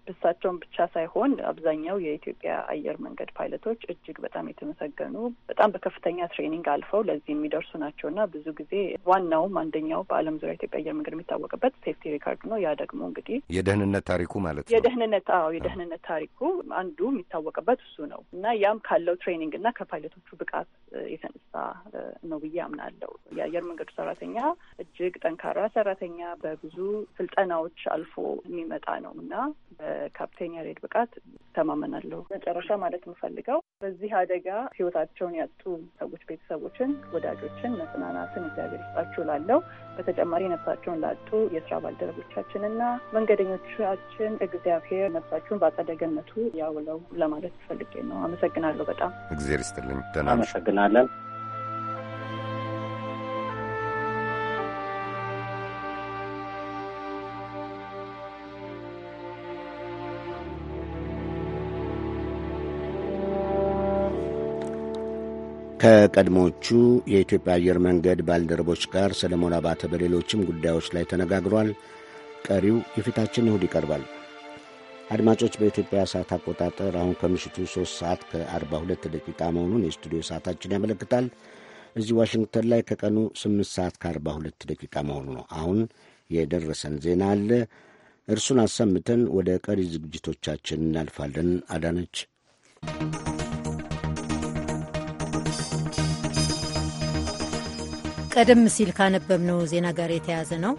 እሳቸውን ብቻ ሳይሆን አብዛኛው የኢትዮጵያ አየር መንገድ ፓይለቶች እጅግ በጣም የተመሰገኑ በጣም በከፍተኛ ትሬኒንግ አልፈው ለዚህ የሚደርሱ ናቸው እና ብዙ ጊዜ ዋናውም አንደኛው በዓለም ዙሪያ ኢትዮጵያ አየር መንገድ የሚታወቅበት ሴፍቲ ሪካርድ ነው። ያ ደግሞ እንግዲህ የደህንነት ታሪኩ ማለት ነው። የደህንነት አዎ፣ የደህንነት ታሪኩ አንዱ የሚታወቅበት እሱ ነው እና ያም ካለው ትሬኒንግ እና ከፓይለቶቹ ብቃት የተነሳ ነው ብዬ አምናለው። የአየር መንገዱ ሰራተኛ እጅግ ጠንካራ ሰራተኛ በብዙ ስልጠናዎች አልፎ የሚመጣ ነው እና በካፕቴን ያሬድ ብቃት ተማመናለሁ። መጨረሻ ማለት የምፈልገው በዚህ አደጋ ህይወታቸውን ያጡ ሰዎች ቤተሰቦችን፣ ወዳጆችን መጽናናትን እግዚአብሔር ይስጣችሁ ላለው በተጨማሪ ነፍሳቸውን ላጡ የስራ ባልደረቦቻችንና መንገደኞቻችን እግዚአብሔር ነፍሳችሁን በአጸደ ገነቱ ያውለው ለማለት ፈልጌ ነው። አመሰግናለሁ። በጣም እግዚአብሔር ይስጥልኝ። ደህና አመሰግናለን። ከቀድሞቹ የኢትዮጵያ አየር መንገድ ባልደረቦች ጋር ሰለሞን አባተ በሌሎችም ጉዳዮች ላይ ተነጋግሯል። ቀሪው የፊታችን እሁድ ይቀርባል። አድማጮች፣ በኢትዮጵያ ሰዓት አቆጣጠር አሁን ከምሽቱ 3 ሰዓት ከ42 ደቂቃ መሆኑን የስቱዲዮ ሰዓታችን ያመለክታል። እዚህ ዋሽንግተን ላይ ከቀኑ 8 ሰዓት ከ42 ደቂቃ መሆኑ ነው። አሁን የደረሰን ዜና አለ። እርሱን አሰምተን ወደ ቀሪ ዝግጅቶቻችን እናልፋለን። አዳነች ቀደም ሲል ካነበብነው ዜና ጋር የተያያዘ ነው።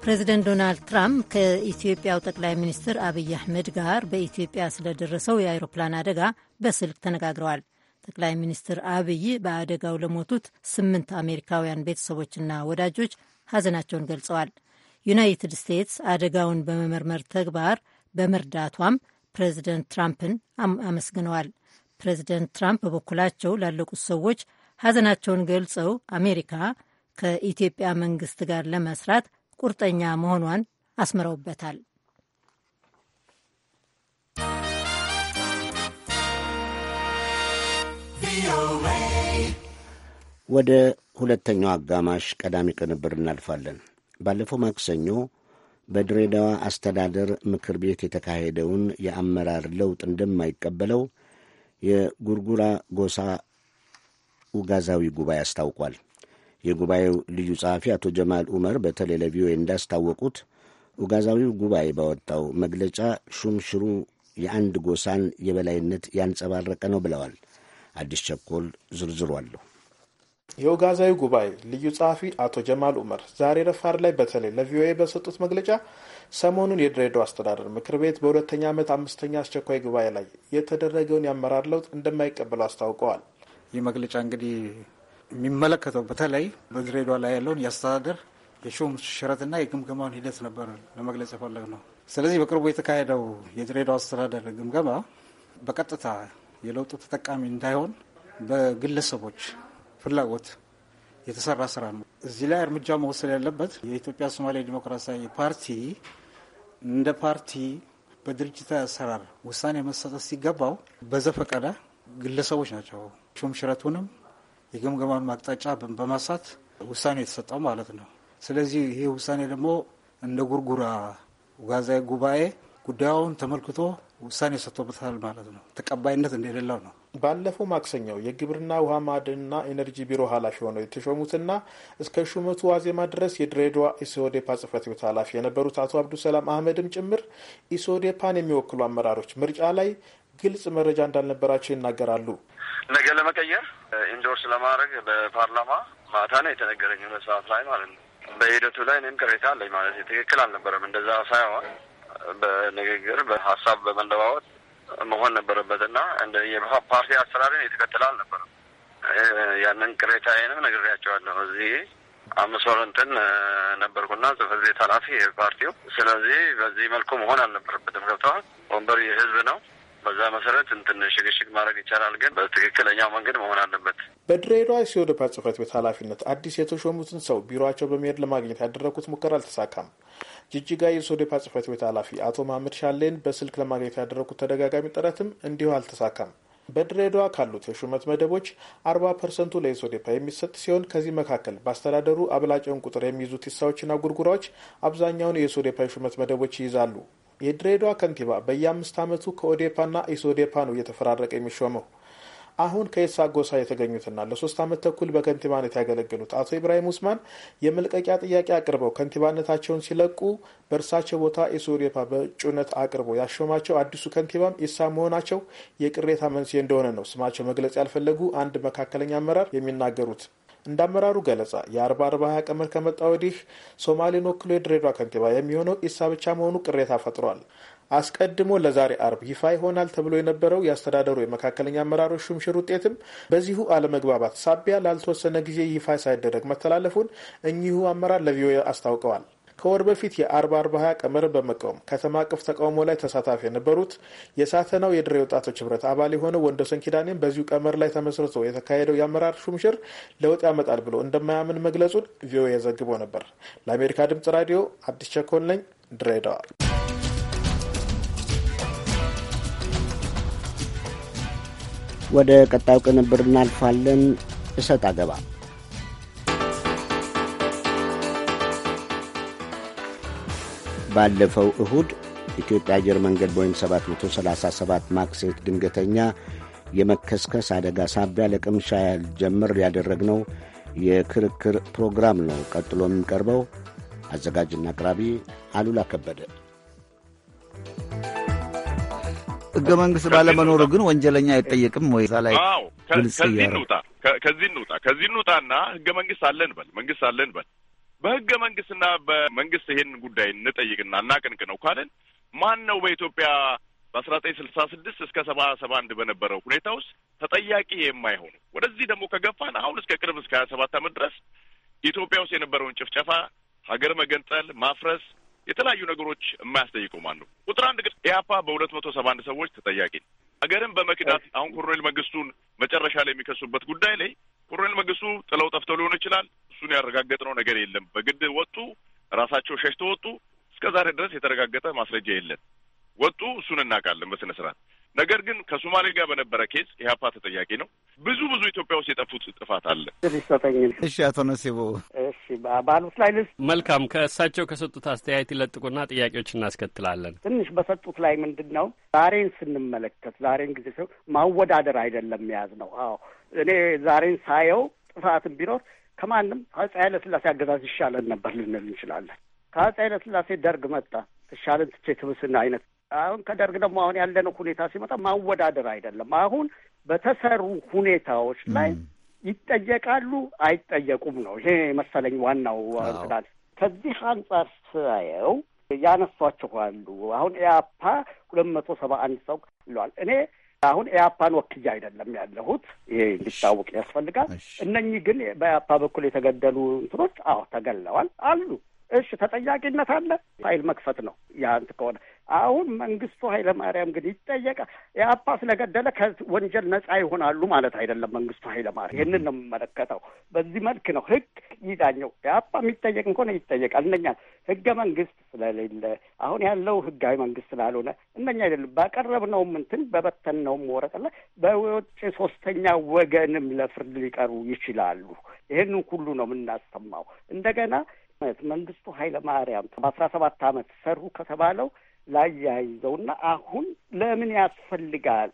ፕሬዚደንት ዶናልድ ትራምፕ ከኢትዮጵያው ጠቅላይ ሚኒስትር አብይ አህመድ ጋር በኢትዮጵያ ስለደረሰው የአውሮፕላን አደጋ በስልክ ተነጋግረዋል። ጠቅላይ ሚኒስትር አብይ በአደጋው ለሞቱት ስምንት አሜሪካውያን ቤተሰቦችና ወዳጆች ሐዘናቸውን ገልጸዋል። ዩናይትድ ስቴትስ አደጋውን በመመርመር ተግባር በመርዳቷም ፕሬዚደንት ትራምፕን አመስግነዋል። ፕሬዚደንት ትራምፕ በበኩላቸው ላለቁት ሰዎች ሐዘናቸውን ገልጸው አሜሪካ ከኢትዮጵያ መንግስት ጋር ለመስራት ቁርጠኛ መሆኗን አስምረውበታል። ወደ ሁለተኛው አጋማሽ ቀዳሚ ቅንብር እናልፋለን። ባለፈው ማክሰኞ በድሬዳዋ አስተዳደር ምክር ቤት የተካሄደውን የአመራር ለውጥ እንደማይቀበለው የጉርጉራ ጎሳ ኡጋዛዊ ጉባኤ አስታውቋል። የጉባኤው ልዩ ጸሐፊ አቶ ጀማል ኡመር በተለይ ለቪኦኤ እንዳስታወቁት ኡጋዛዊው ጉባኤ ባወጣው መግለጫ ሹምሽሩ የአንድ ጎሳን የበላይነት ያንጸባረቀ ነው ብለዋል። አዲስ ቸኮል ዝርዝሩ አለሁ። የኡጋዛዊ ጉባኤ ልዩ ጸሐፊ አቶ ጀማል ኡመር ዛሬ ረፋድ ላይ በተለይ ለቪኦኤ በሰጡት መግለጫ ሰሞኑን የድሬዳዋ አስተዳደር ምክር ቤት በሁለተኛ ዓመት አምስተኛ አስቸኳይ ጉባኤ ላይ የተደረገውን የአመራር ለውጥ እንደማይቀበሉ አስታውቀዋል። ይህ መግለጫ እንግዲህ የሚመለከተው በተለይ በድሬዷ ላይ ያለውን የአስተዳደር የሹም ሽረትና የግምገማውን ሂደት ነበር ለመግለጽ የፈለግ ነው። ስለዚህ በቅርቡ የተካሄደው የድሬዳዋ አስተዳደር ግምገማ በቀጥታ የለውጡ ተጠቃሚ እንዳይሆን በግለሰቦች ፍላጎት የተሰራ ስራ ነው። እዚህ ላይ እርምጃ መወሰድ ያለበት የኢትዮጵያ ሶማሌ ዲሞክራሲያዊ ፓርቲ እንደ ፓርቲ በድርጅታዊ አሰራር ውሳኔ መሰጠት ሲገባው በዘፈቀደ ግለሰቦች ናቸው ሹም ሽረቱንም የግምገማን ማቅጣጫ በማሳት ውሳኔ የተሰጠው ማለት ነው። ስለዚህ ይህ ውሳኔ ደግሞ እንደ ጉርጉራ ጋዛይ ጉባኤ ጉዳዩን ተመልክቶ ውሳኔ ሰጥቶበታል ማለት ነው። ተቀባይነት እንደሌለው ነው። ባለፈው ማክሰኛው የግብርና ውሃ ማዕድንና ኤነርጂ ቢሮ ኃላፊ ሆነው የተሾሙትና እስከ ሹመቱ ዋዜማ ድረስ የድሬዳዋ ኢሶዴፓ ጽህፈት ቤት ኃላፊ የነበሩት አቶ አብዱሰላም አህመድም ጭምር ኢሶዴፓን የሚወክሉ አመራሮች ምርጫ ላይ ግልጽ መረጃ እንዳልነበራቸው ይናገራሉ። ነገ ለመቀየር ኢንዶርስ ለማድረግ በፓርላማ ማታ ነው የተነገረኝ፣ ሁለት ሰዓት ላይ ማለት ነው። በሂደቱ ላይ እኔም ቅሬታ አለኝ ማለት ትክክል አልነበረም። እንደዛ ሳይሆን በንግግር በሀሳብ በመለዋወጥ መሆን ነበረበትና እንደ የፓርቲ አሰራርን የተከተለ አልነበረም። ያንን ቅሬታዬንም ነግሬያቸዋለሁ እዚህ አምስት ወር እንትን ነበርኩና ጽህፈት ቤት ኃላፊ የፓርቲው። ስለዚህ በዚህ መልኩ መሆን አልነበረበትም። ገብተዋል። ወንበር የህዝብ ነው። በዛ መሰረት እንትን ሽግሽግ ማድረግ ይቻላል፣ ግን በትክክለኛው መንገድ መሆን አለበት። በድሬዳዋ የኦዴፓ ጽህፈት ቤት ኃላፊነት አዲስ የተሾሙትን ሰው ቢሮቸው በመሄድ ለማግኘት ያደረጉት ሙከራ አልተሳካም። ጅጅጋ የሶዴፓ ጽህፈት ቤት ኃላፊ አቶ መሀመድ ሻሌን በስልክ ለማግኘት ያደረጉት ተደጋጋሚ ጥረትም እንዲሁ አልተሳካም። በድሬዳዋ ካሉት የሹመት መደቦች አርባ ፐርሰንቱ ለኢሶዴፓ የሚሰጥ ሲሆን ከዚህ መካከል በአስተዳደሩ አብላጭን ቁጥር የሚይዙት ኢሳዎችና ጉርጉራዎች አብዛኛውን የኢሶዴፓ የሹመት መደቦች ይይዛሉ። የድሬዳዋ ከንቲባ በየአምስት ዓመቱ ከኦዴፓና ኢሶዴፓ ነው እየተፈራረቀ የሚሾመው። አሁን ከየሳ ጎሳ የተገኙትና ለሶስት ዓመት ተኩል በከንቲባነት ያገለግሉት አቶ ኢብራሂም ውስማን የመልቀቂያ ጥያቄ አቅርበው ከንቲባነታቸውን ሲለቁ በእርሳቸው ቦታ ኢሶዴፓ በእጩነት አቅርበው ያሾማቸው አዲሱ ከንቲባም ኢሳ መሆናቸው የቅሬታ መንስኤ እንደሆነ ነው ስማቸው መግለጽ ያልፈለጉ አንድ መካከለኛ አመራር የሚናገሩት። እንደ አመራሩ ገለጻ የአርባ አርባ ሀያ ቀመር ከመጣ ወዲህ ሶማሌን ወክሎ የድሬዳዋ ከንቲባ የሚሆነው ኢሳ ብቻ መሆኑ ቅሬታ ፈጥሯል። አስቀድሞ ለዛሬ አርብ ይፋ ይሆናል ተብሎ የነበረው የአስተዳደሩ የመካከለኛ አመራሮች ሹምሽር ውጤትም በዚሁ አለመግባባት ሳቢያ ላልተወሰነ ጊዜ ይፋ ሳይደረግ መተላለፉን እኚሁ አመራር ለቪኦኤ አስታውቀዋል። ከወር በፊት የአርባ አርባ ሀያ ቀመርን በመቃወም ከተማ አቀፍ ተቃውሞ ላይ ተሳታፊ የነበሩት የሳተናው የድሬ ወጣቶች ህብረት አባል የሆነው ወንደሰን ኪዳኔም በዚሁ ቀመር ላይ ተመስርቶ የተካሄደው የአመራር ሹምሽር ለውጥ ያመጣል ብሎ እንደማያምን መግለጹን ቪኦኤ ዘግቦ ነበር። ለአሜሪካ ድምጽ ራዲዮ አዲስ ቸኮን ነኝ ድሬዳዋ። ወደ ቀጣዩ ቅንብር እናልፋለን። እሰጥ አገባ ባለፈው እሁድ ኢትዮጵያ አየር መንገድ ቦይንግ 737 ማክሴት ድንገተኛ የመከስከስ አደጋ ሳቢያ ለቅምሻ ያልጀምር ጀምር ያደረግነው የክርክር ፕሮግራም ነው። ቀጥሎ የሚቀርበው አዘጋጅና አቅራቢ አሉላ ከበደ። ህገ መንግሥት ባለመኖሩ ግን ወንጀለኛ አይጠየቅም ወይ? እዛ ላይ ግልጽ ከዚህ እንውጣ ከዚህ እንውጣ ከዚህ እንውጣና ህገ መንግሥት አለን በል መንግሥት አለን በል በህገ መንግስትና በመንግስት ይሄን ጉዳይ እንጠይቅና እናቅንቅ ነው ካልን ማን ነው በኢትዮጵያ በአስራ ዘጠኝ ስልሳ ስድስት እስከ ሰባ ሰባ አንድ በነበረው ሁኔታ ውስጥ ተጠያቂ የማይሆነው? ወደዚህ ደግሞ ከገፋን አሁን እስከ ቅርብ እስከ ሀያ ሰባት አመት ድረስ ኢትዮጵያ ውስጥ የነበረውን ጭፍጨፋ፣ ሀገር መገንጠል፣ ማፍረስ የተለያዩ ነገሮች የማያስጠይቁ ማን ነው? ቁጥር አንድ ግን ኢያፓ በሁለት መቶ ሰባ አንድ ሰዎች ተጠያቂ ሀገርን በመክዳት አሁን ኮሎኔል መንግስቱን መጨረሻ ላይ የሚከሱበት ጉዳይ ላይ ኮሎኔል መንግስቱ ጥለው ጠፍተው ሊሆን ይችላል። እሱን ያረጋገጥነው ነገር የለም። በግድ ወጡ፣ ራሳቸው ሸሽተው ወጡ። እስከ ዛሬ ድረስ የተረጋገጠ ማስረጃ የለን። ወጡ፣ እሱን እናውቃለን በስነ ስርዓት። ነገር ግን ከሶማሌ ጋር በነበረ ኬዝ ኢህአፓ ተጠያቂ ነው። ብዙ ብዙ ኢትዮጵያ ውስጥ የጠፉት ጥፋት አለ። እሺ፣ አቶ ነሲቡ። እሺ፣ ባሉት ላይ ልስ መልካም ከእሳቸው ከሰጡት አስተያየት ይለጥቁና ጥያቄዎች እናስከትላለን። ትንሽ በሰጡት ላይ ምንድን ነው ዛሬን ስንመለከት ዛሬን ጊዜ ሰው ማወዳደር አይደለም የያዝ ነው። አዎ እኔ ዛሬን ሳየው ጥፋትም ቢኖር ከማንም አፄ ኃይለ ሥላሴ አገዛዝ ይሻለን ነበር ልንል እንችላለን። ከአፄ ኃይለ ሥላሴ ደርግ መጣ ትሻለን ትቼ ትብስና አይነት አሁን ከደርግ ደግሞ አሁን ያለነው ሁኔታ ሲመጣ ማወዳደር አይደለም። አሁን በተሰሩ ሁኔታዎች ላይ ይጠየቃሉ አይጠየቁም ነው። ይሄ መሰለኝ ዋናው እንትን። ከዚህ አንጻር ሳየው ያነሷችኋሉ አሁን ኢያፓ ሁለት መቶ ሰባ አንድ ሰው ብለዋል። እኔ አሁን ኢያፓን ወክዬ አይደለም ያለሁት። ይሄ እንዲታወቅ ያስፈልጋል። እነኚህ ግን በኢያፓ በኩል የተገደሉ እንትኖች አዎ ተገለዋል አሉ እሺ ተጠያቂነት አለ። ፋይል መክፈት ነው ያንት ከሆነ አሁን መንግስቱ ኃይለ ማርያም ግን ይጠየቃል። የአፓ ስለገደለ ከወንጀል ነጻ ይሆናሉ ማለት አይደለም። መንግስቱ ኃይለ ማርያም ይህንን ነው የምመለከተው በዚህ መልክ ነው ህግ ይዳኘው። የአባ የሚጠየቅ እንኮነ ይጠየቃል። እነኛ ህገ መንግስት ስለሌለ አሁን ያለው ህጋዊ መንግስት ስላልሆነ እነኛ አይደለም ባቀረብነውም እንትን በበተንነውም ወረቀት ላይ በውጭ ሶስተኛ ወገንም ለፍርድ ሊቀርቡ ይችላሉ። ይህንን ሁሉ ነው የምናሰማው እንደገና መንግስቱ ኃይለ ማርያም በአስራ ሰባት አመት ሰሩ ከተባለው ላያይዘውና አሁን ለምን ያስፈልጋል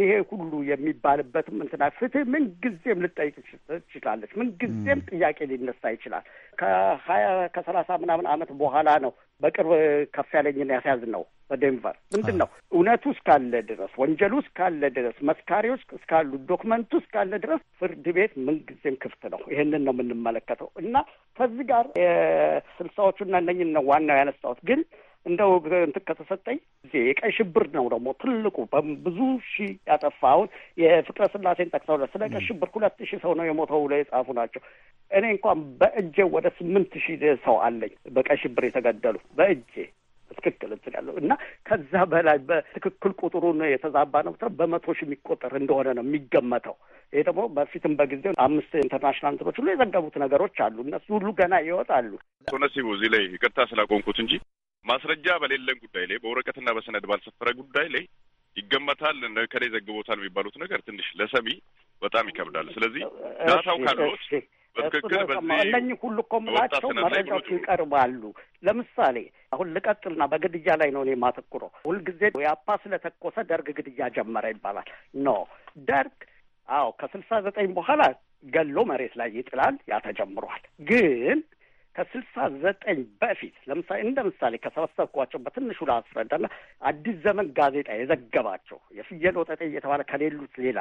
ይሄ ሁሉ የሚባልበትም እንትና ፍትህ ምን ጊዜም ልጠይቅ ትችላለች። ምን ጊዜም ጥያቄ ሊነሳ ይችላል። ከሀያ ከሰላሳ ምናምን ዓመት በኋላ ነው በቅርብ ከፍ ያለኝን ያስያዝ ነው በዴንቨር ምንድን ነው እውነቱ እስካለ ድረስ ወንጀሉ እስካለ ድረስ መስካሪዎች እስካሉ ዶክመንቱ እስካለ ድረስ ፍርድ ቤት ምንጊዜም ክፍት ነው። ይህንን ነው የምንመለከተው እና ከዚህ ጋር የስልሳዎቹና እነኝን ነው ዋናው ያነሳሁት ግን እንደው እንትን ከተሰጠኝ የቀይ ሽብር ነው ደግሞ ትልቁ ብዙ ሺ ያጠፋውን የፍቅረ ስላሴን ጠቅሰው ስለ ቀይ ሽብር ሁለት ሺ ሰው ነው የሞተው ላይ የጻፉ ናቸው። እኔ እንኳን በእጄ ወደ ስምንት ሺህ ሰው አለኝ በቀይ ሽብር የተገደሉ በእጄ ትክክል እንትን ያለው እና ከዛ በላይ በትክክል ቁጥሩን የተዛባ ነው በመቶ ሺ የሚቆጠር እንደሆነ ነው የሚገመተው። ይሄ ደግሞ በፊትም በጊዜው አምስት ኢንተርናሽናል እንትኖች ሁሉ የዘገቡት ነገሮች አሉ። እነሱ ሁሉ ገና ይወጣሉ። ነሲቡ እዚህ ላይ ይቅርታ ስላቆንኩት እንጂ ማስረጃ በሌለን ጉዳይ ላይ በወረቀትና በሰነድ ባልሰፈረ ጉዳይ ላይ ይገመታል፣ ከላይ ዘግቦታል የሚባሉት ነገር ትንሽ ለሰሚ በጣም ይከብዳል። ስለዚህ ዳታው ካሉት በትክክል በዚህ ሁሉ እኮ የምላቸው መረጃዎች ይቀርባሉ። ለምሳሌ አሁን ልቀጥልና በግድያ ላይ ነው እኔ የማተኩረው። ሁልጊዜ የአፓ ስለተኮሰ ደርግ ግድያ ጀመረ ይባላል። ኖ ደርግ አዎ ከስልሳ ዘጠኝ በኋላ ገሎ መሬት ላይ ይጥላል። ያ ተጀምሯል ግን ከስልሳ ዘጠኝ በፊት ለምሳሌ እንደ ምሳሌ ከሰበሰብኳቸው በትንሹ ላስረዳና አዲስ ዘመን ጋዜጣ የዘገባቸው የፍየል ወጠጤ እየተባለ ከሌሉት ሌላ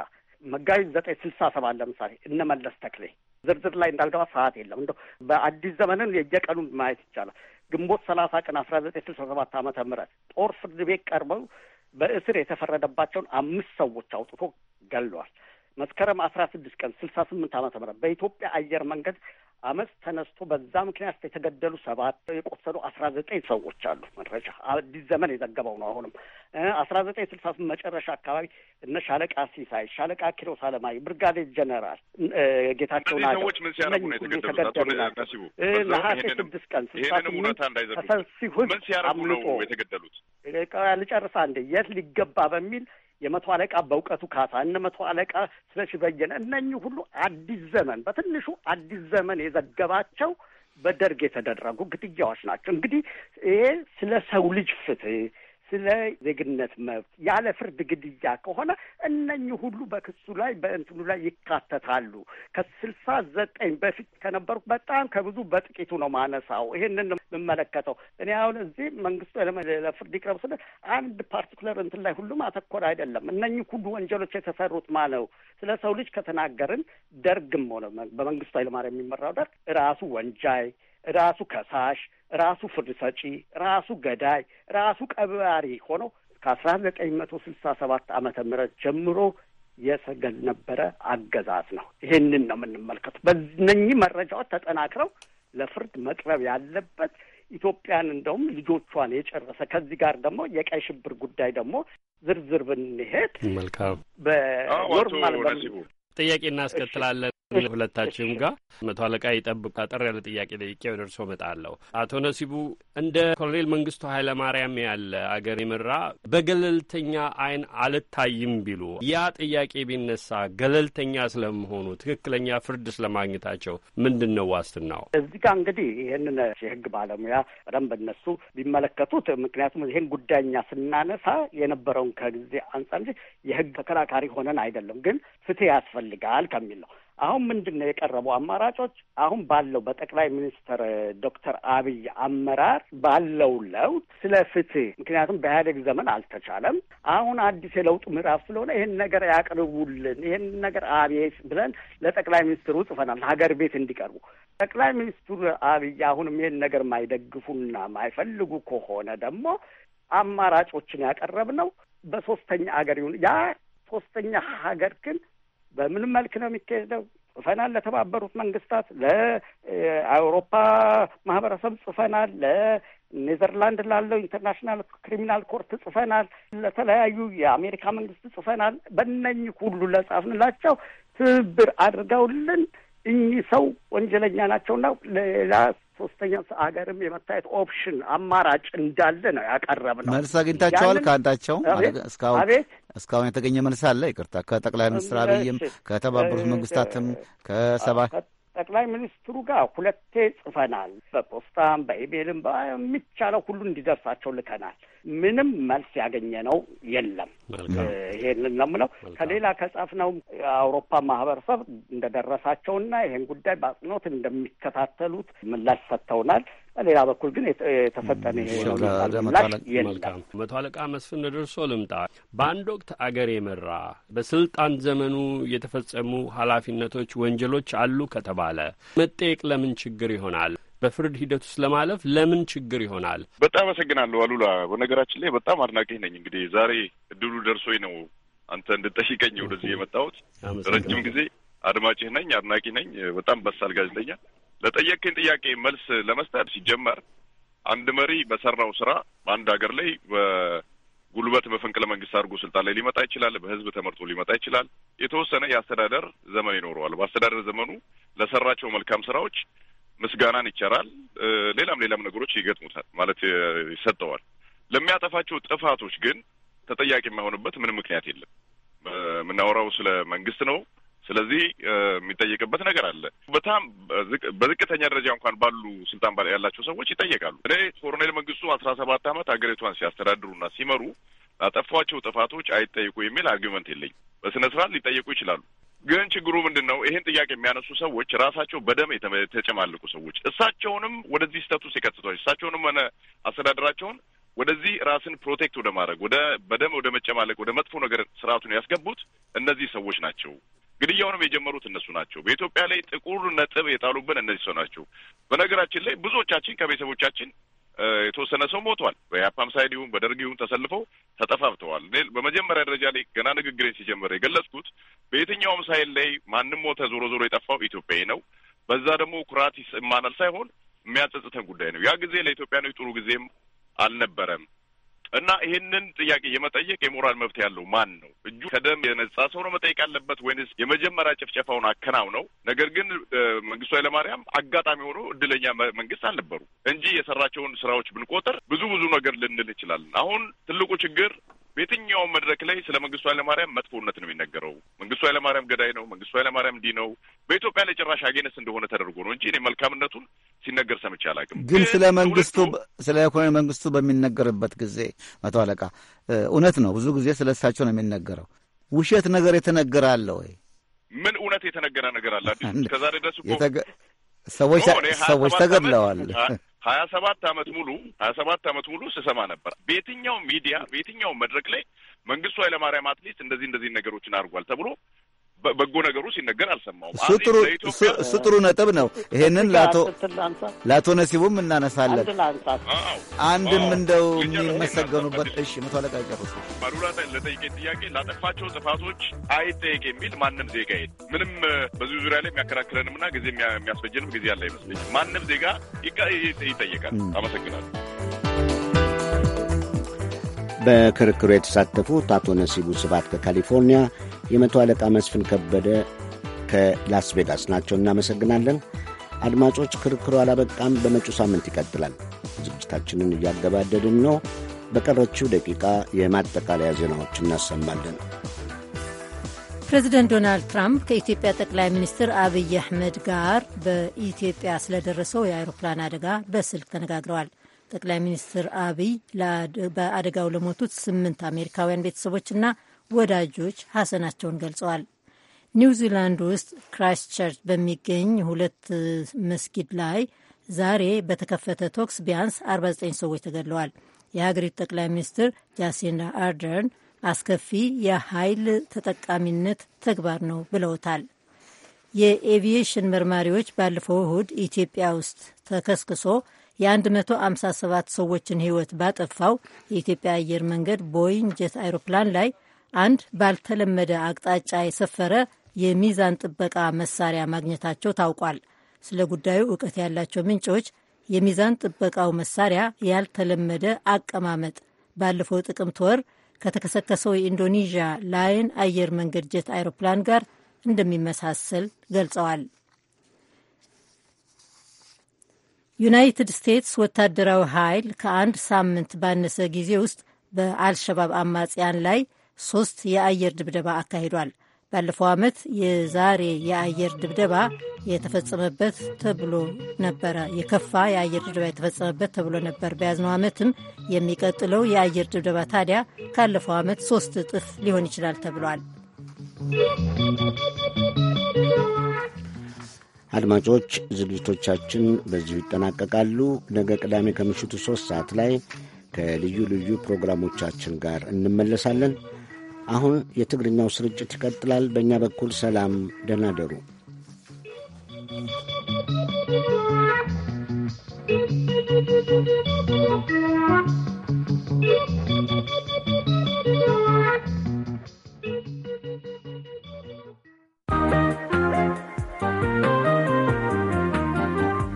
መጋቢት ዘጠኝ ስልሳ ሰባት ለምሳሌ እነ መለስ ተክሌ ዝርዝር ላይ እንዳልገባ ሰዓት የለም። እንደ በአዲስ ዘመንን የየቀኑ ማየት ይቻላል። ግንቦት ሰላሳ ቀን አስራ ዘጠኝ ስልሳ ሰባት ዓመተ ምህረት ጦር ፍርድ ቤት ቀርበው በእስር የተፈረደባቸውን አምስት ሰዎች አውጥቶ ገሏል። መስከረም አስራ ስድስት ቀን ስልሳ ስምንት ዓመተ ምህረት በኢትዮጵያ አየር መንገድ አመፅ ተነስቶ በዛ ምክንያት የተገደሉ ሰባት የቆሰሉ አስራ ዘጠኝ ሰዎች አሉ። መድረሻ አዲስ ዘመን የዘገበው ነው። አሁንም አስራ ዘጠኝ ስልሳ ስምንት መጨረሻ አካባቢ እነ ሻለቃ ሲሳይ፣ ሻለቃ ኪሮስ አለማይ፣ ብርጋዴር ጀነራል ጌታቸውን ሰዎች ምን ሲያረጉ ነሐሴ ስድስት ቀን ስልሳ ስምንት ተፈሲ ህዝብ አምልጦ ልጨርሳ እንደ የት ሊገባ በሚል የመቶ አለቃ በእውቀቱ ካሳ እነ መቶ አለቃ ስለሽ በየነ እነኚህ ሁሉ አዲስ ዘመን በትንሹ አዲስ ዘመን የዘገባቸው በደርግ የተደረጉ ግድያዎች ናቸው። እንግዲህ ይሄ ስለ ሰው ልጅ ፍትህ ስለ ዜግነት መብት ያለ ፍርድ ግድያ ከሆነ እነኚህ ሁሉ በክሱ ላይ በእንትኑ ላይ ይካተታሉ። ከስልሳ ዘጠኝ በፊት ከነበሩት በጣም ከብዙ በጥቂቱ ነው ማነሳው። ይሄንን ነው የምመለከተው እኔ አሁን እዚህ መንግስቱ ለፍርድ ይቅረብ ስለ አንድ ፓርቲኩለር እንትን ላይ ሁሉም አተኮር አይደለም። እነኚህ ሁሉ ወንጀሎች የተሰሩት ማነው? ስለ ሰው ልጅ ከተናገርን ደርግም ሆነ በመንግስቱ ኃይለማርያም የሚመራው ደርግ ራሱ ወንጃይ ራሱ ከሳሽ፣ ራሱ ፍርድ ሰጪ፣ ራሱ ገዳይ፣ ራሱ ቀባሪ ሆኖ ከአስራ ዘጠኝ መቶ ስልሳ ሰባት ዓመተ ምህረት ጀምሮ የሰገል ነበረ አገዛዝ ነው። ይሄንን ነው የምንመልከት። በነኚህ መረጃዎች ተጠናክረው ለፍርድ መቅረብ ያለበት ኢትዮጵያን እንደውም ልጆቿን የጨረሰ ከዚህ ጋር ደግሞ የቀይ ሽብር ጉዳይ ደግሞ ዝርዝር ብንሄድ መልካም በኖርማል ጥያቄ እናስከትላለን። ሁለታችሁም ጋር መቶ አለቃ ይጠብቅ አጠር ያለ ጥያቄ ጠይቄ ወደ እርስዎ እመጣለሁ። አቶ ነሲቡ እንደ ኮሎኔል መንግስቱ ኃይለማርያም ያለ አገር የመራ በገለልተኛ አይን አልታይም ቢሉ ያ ጥያቄ ቢነሳ ገለልተኛ ስለመሆኑ ትክክለኛ ፍርድ ስለማግኘታቸው ምንድን ነው ዋስትናው? እዚህ ጋር እንግዲህ ይህንን የህግ ባለሙያ በደንብ እነሱ ቢመለከቱት፣ ምክንያቱም ይህን ጉዳይኛ ስናነሳ የነበረውን ከጊዜ አንጻር እንጂ የህግ ተከራካሪ ሆነን አይደለም፣ ግን ፍትህ ያስፈልጋል ከሚል ነው አሁን ምንድን ነው የቀረቡ አማራጮች? አሁን ባለው በጠቅላይ ሚኒስትር ዶክተር አብይ አመራር ባለው ለውጥ ስለ ፍትህ፣ ምክንያቱም በኢህአዴግ ዘመን አልተቻለም። አሁን አዲስ የለውጥ ምዕራፍ ስለሆነ ይህን ነገር ያቅርቡልን፣ ይህን ነገር አቤት ብለን ለጠቅላይ ሚኒስትሩ ጽፈናል፣ ሀገር ቤት እንዲቀርቡ። ጠቅላይ ሚኒስትሩ አብይ አሁንም ይህን ነገር ማይደግፉና ማይፈልጉ ከሆነ ደግሞ አማራጮችን ያቀረብነው በሶስተኛ ሀገር ይሁን ያ ሶስተኛ ሀገር ግን በምን መልክ ነው የሚካሄደው? ጽፈናል። ለተባበሩት መንግስታት፣ ለአውሮፓ ማህበረሰብ ጽፈናል። ለኔዘርላንድ ላለው ኢንተርናሽናል ክሪሚናል ኮርት ጽፈናል። ለተለያዩ የአሜሪካ መንግስት ጽፈናል። በነኝ ሁሉ ለጻፍንላቸው ትብብር አድርገውልን እኚህ ሰው ወንጀለኛ ናቸውና ሌላ ሶስተኛ ሀገርም የመታየት ኦፕሽን አማራጭ እንዳለ ነው ያቀረብ ነው። መልስ አግኝታቸዋል ከአንዳቸው? እስካሁን እስካሁን የተገኘ መልስ አለ? ይቅርታ ከጠቅላይ ሚኒስትር አብይም ከተባበሩት መንግስታትም ከሰባ ጠቅላይ ሚኒስትሩ ጋር ሁለቴ ጽፈናል። በፖስታም በኢሜልም የሚቻለው ሁሉ እንዲደርሳቸው ልከናል። ምንም መልስ ያገኘ ነው የለም። ይሄንን ነው የምለው። ከሌላ ከጻፍነው የአውሮፓ ማህበረሰብ እንደደረሳቸውና ይሄን ጉዳይ በአጽንኦት እንደሚከታተሉት ምላሽ ሰጥተውናል። ሌላ በኩል ግን የተፈጠነ መልካም መቶ አለቃ መስፍን ደርሶ ልምጣ። በአንድ ወቅት አገር የመራ በስልጣን ዘመኑ የተፈጸሙ ኃላፊነቶች ወንጀሎች አሉ ከተባለ መጠየቅ ለምን ችግር ይሆናል? በፍርድ ሂደት ውስጥ ለማለፍ ለምን ችግር ይሆናል? በጣም አመሰግናለሁ አሉላ። በነገራችን ላይ በጣም አድናቂህ ነኝ። እንግዲህ ዛሬ እድሉ ደርሶኝ ነው አንተ እንድጠይቀኝ ወደዚህ የመጣሁት። ረጅም ጊዜ አድማጭህ ነኝ፣ አድናቂ ነኝ። በጣም በሳል ጋዜጠኛ ለጠየቅኝ ጥያቄ መልስ ለመስጠት ሲጀመር አንድ መሪ በሰራው ስራ በአንድ ሀገር ላይ በጉልበት መፈንቅለ መንግስት አድርጎ ስልጣን ላይ ሊመጣ ይችላል። በህዝብ ተመርጦ ሊመጣ ይችላል። የተወሰነ የአስተዳደር ዘመን ይኖረዋል። በአስተዳደር ዘመኑ ለሰራቸው መልካም ስራዎች ምስጋናን ይቸራል። ሌላም ሌላም ነገሮች ይገጥሙታል ማለት ይሰጠዋል። ለሚያጠፋቸው ጥፋቶች ግን ተጠያቂ የማይሆንበት ምንም ምክንያት የለም። የምናወራው ስለ መንግስት ነው። ስለዚህ የሚጠየቅበት ነገር አለ። በጣም በዝቅተኛ ደረጃ እንኳን ባሉ ስልጣን ባላ ያላቸው ሰዎች ይጠየቃሉ። እኔ ኮሎኔል መንግስቱ አስራ ሰባት ዓመት ሀገሪቷን ሲያስተዳድሩና ሲመሩ ላጠፏቸው ጥፋቶች አይጠይቁ የሚል አርጊመንት የለኝ። በስነ ስርዓት ሊጠየቁ ይችላሉ። ግን ችግሩ ምንድን ነው? ይሄን ጥያቄ የሚያነሱ ሰዎች ራሳቸው በደም የተጨማለቁ ሰዎች እሳቸውንም ወደዚህ ስታቱስ የከትቷል። እሳቸውንም ሆነ አስተዳደራቸውን ወደዚህ ራስን ፕሮቴክት ወደ ማድረግ ወደ በደም ወደ መጨማለቅ ወደ መጥፎ ነገር ስርዓቱን ያስገቡት እነዚህ ሰዎች ናቸው። ግድያውንም የጀመሩት እነሱ ናቸው። በኢትዮጵያ ላይ ጥቁር ነጥብ የጣሉብን እነዚህ ሰው ናቸው። በነገራችን ላይ ብዙዎቻችን ከቤተሰቦቻችን የተወሰነ ሰው ሞቷል። በኢህአፓም ሳይድ ይሁን በደርግ ይሁን ተሰልፈው ተጠፋፍተዋል። በመጀመሪያ ደረጃ ላይ ገና ንግግሬን ሲጀምር የገለጽኩት በየትኛውም ሳይል ላይ ማንም ሞተ፣ ዞሮ ዞሮ የጠፋው ኢትዮጵያዊ ነው። በዛ ደግሞ ኩራት ይሰማናል ሳይሆን የሚያጸጽተን ጉዳይ ነው። ያ ጊዜ ለኢትዮጵያ ጥሩ ጊዜም አልነበረም። እና ይህንን ጥያቄ የመጠየቅ የሞራል መብት ያለው ማን ነው? እጁ ከደም የነጻ ሰው ነው መጠየቅ ያለበት ወይንስ የመጀመሪያ ጭፍጨፋውን አከናውነው? ነገር ግን መንግስቱ ኃይለማርያም አጋጣሚ ሆኖ እድለኛ መንግስት አልነበሩ እንጂ የሰራቸውን ስራዎች ብንቆጥር ብዙ ብዙ ነገር ልንል እንችላለን። አሁን ትልቁ ችግር በየትኛውም መድረክ ላይ ስለ መንግስቱ ኃይለማርያም መጥፎነት ነው የሚነገረው። መንግስቱ ኃይለማርያም ገዳይ ነው፣ መንግስቱ ኃይለማርያም እንዲህ ነው። በኢትዮጵያ ላይ ጭራሽ አጌነስ እንደሆነ ተደርጎ ነው እንጂ እኔ መልካምነቱን ሲነገር ሰምቼ አላውቅም። ግን ስለ መንግስቱ ስለ ኢኮኖሚ መንግስቱ በሚነገርበት ጊዜ መቶ አለቃ እውነት ነው፣ ብዙ ጊዜ ስለ እሳቸው ነው የሚነገረው። ውሸት ነገር የተነገረ አለ ወይ? ምን እውነት የተነገረ ነገር አለ? እስከዛሬ ድረስ ሰዎች ሰዎች ተገድለዋል። ሀያ ሰባት አመት ሙሉ ሀያ ሰባት አመት ሙሉ ስሰማ ነበር። በየትኛው ሚዲያ በየትኛው መድረክ ላይ መንግስቱ ኃይለማርያም አትሊስት እንደዚህ እንደዚህ ነገሮችን አድርጓል ተብሎ በጎ ነገሩ ሲነገር አልሰማውም። እሱ ጥሩ ነጥብ ነው። ይሄንን ለአቶ ነሲቡም እናነሳለን። አንድም እንደው የሚመሰገኑበት እሺ፣ መቶ አለቃ ይጨርሱ። ባሉላ ለጠይቄ ጥያቄ ላጠፋቸው ጥፋቶች አይጠየቅ የሚል ማንም ዜጋ ይሄድ ምንም በዚህ ዙሪያ ላይ የሚያከራክረንም እና ጊዜ የሚያስፈጀንም ጊዜ ያለ አይመስለኝም። ማንም ዜጋ ይጠየቃል። አመሰግናለሁ። በክርክሩ የተሳተፉት አቶ ነሲቡ ስባት ከካሊፎርኒያ፣ የመቶ አለቃ መስፍን ከበደ ከላስ ቬጋስ ናቸው። እናመሰግናለን። አድማጮች፣ ክርክሩ አላበቃም። በመጪው ሳምንት ይቀጥላል። ዝግጅታችንን እያገባደድን ነው። በቀረችው ደቂቃ የማጠቃለያ ዜናዎች እናሰማለን። ፕሬዚደንት ዶናልድ ትራምፕ ከኢትዮጵያ ጠቅላይ ሚኒስትር አብይ አሕመድ ጋር በኢትዮጵያ ስለደረሰው የአውሮፕላን አደጋ በስልክ ተነጋግረዋል። ጠቅላይ ሚኒስትር አብይ በአደጋው ለሞቱት ስምንት አሜሪካውያን ቤተሰቦችና ወዳጆች ሐዘናቸውን ገልጸዋል። ኒው ዚላንድ ውስጥ ክራይስት ቸርች በሚገኝ ሁለት መስጊድ ላይ ዛሬ በተከፈተ ተኩስ ቢያንስ 49 ሰዎች ተገድለዋል። የሀገሪቱ ጠቅላይ ሚኒስትር ጃሲንዳ አርደርን አስከፊ የኃይል ተጠቃሚነት ተግባር ነው ብለውታል። የኤቪዬሽን መርማሪዎች ባለፈው እሁድ ኢትዮጵያ ውስጥ ተከስክሶ የ157 ሰዎችን ህይወት ባጠፋው የኢትዮጵያ አየር መንገድ ቦይንግ ጀት አይሮፕላን ላይ አንድ ባልተለመደ አቅጣጫ የሰፈረ የሚዛን ጥበቃ መሳሪያ ማግኘታቸው ታውቋል። ስለ ጉዳዩ እውቀት ያላቸው ምንጮች የሚዛን ጥበቃው መሳሪያ ያልተለመደ አቀማመጥ ባለፈው ጥቅምት ወር ከተከሰከሰው የኢንዶኔዥያ ላይን አየር መንገድ ጀት አይሮፕላን ጋር እንደሚመሳሰል ገልጸዋል። ዩናይትድ ስቴትስ ወታደራዊ ኃይል ከአንድ ሳምንት ባነሰ ጊዜ ውስጥ በአልሸባብ አማጽያን ላይ ሶስት የአየር ድብደባ አካሂዷል። ባለፈው ዓመት የዛሬ የአየር ድብደባ የተፈጸመበት ተብሎ ነበረ የከፋ የአየር ድብደባ የተፈጸመበት ተብሎ ነበር። በያዝነው ዓመትም የሚቀጥለው የአየር ድብደባ ታዲያ ካለፈው ዓመት ሶስት እጥፍ ሊሆን ይችላል ተብሏል። አድማጮች ዝግጅቶቻችን በዚሁ ይጠናቀቃሉ። ነገ ቅዳሜ ከምሽቱ ሦስት ሰዓት ላይ ከልዩ ልዩ ፕሮግራሞቻችን ጋር እንመለሳለን። አሁን የትግርኛው ስርጭት ይቀጥላል። በእኛ በኩል ሰላም፣ ደህና ደሩ። Thank you.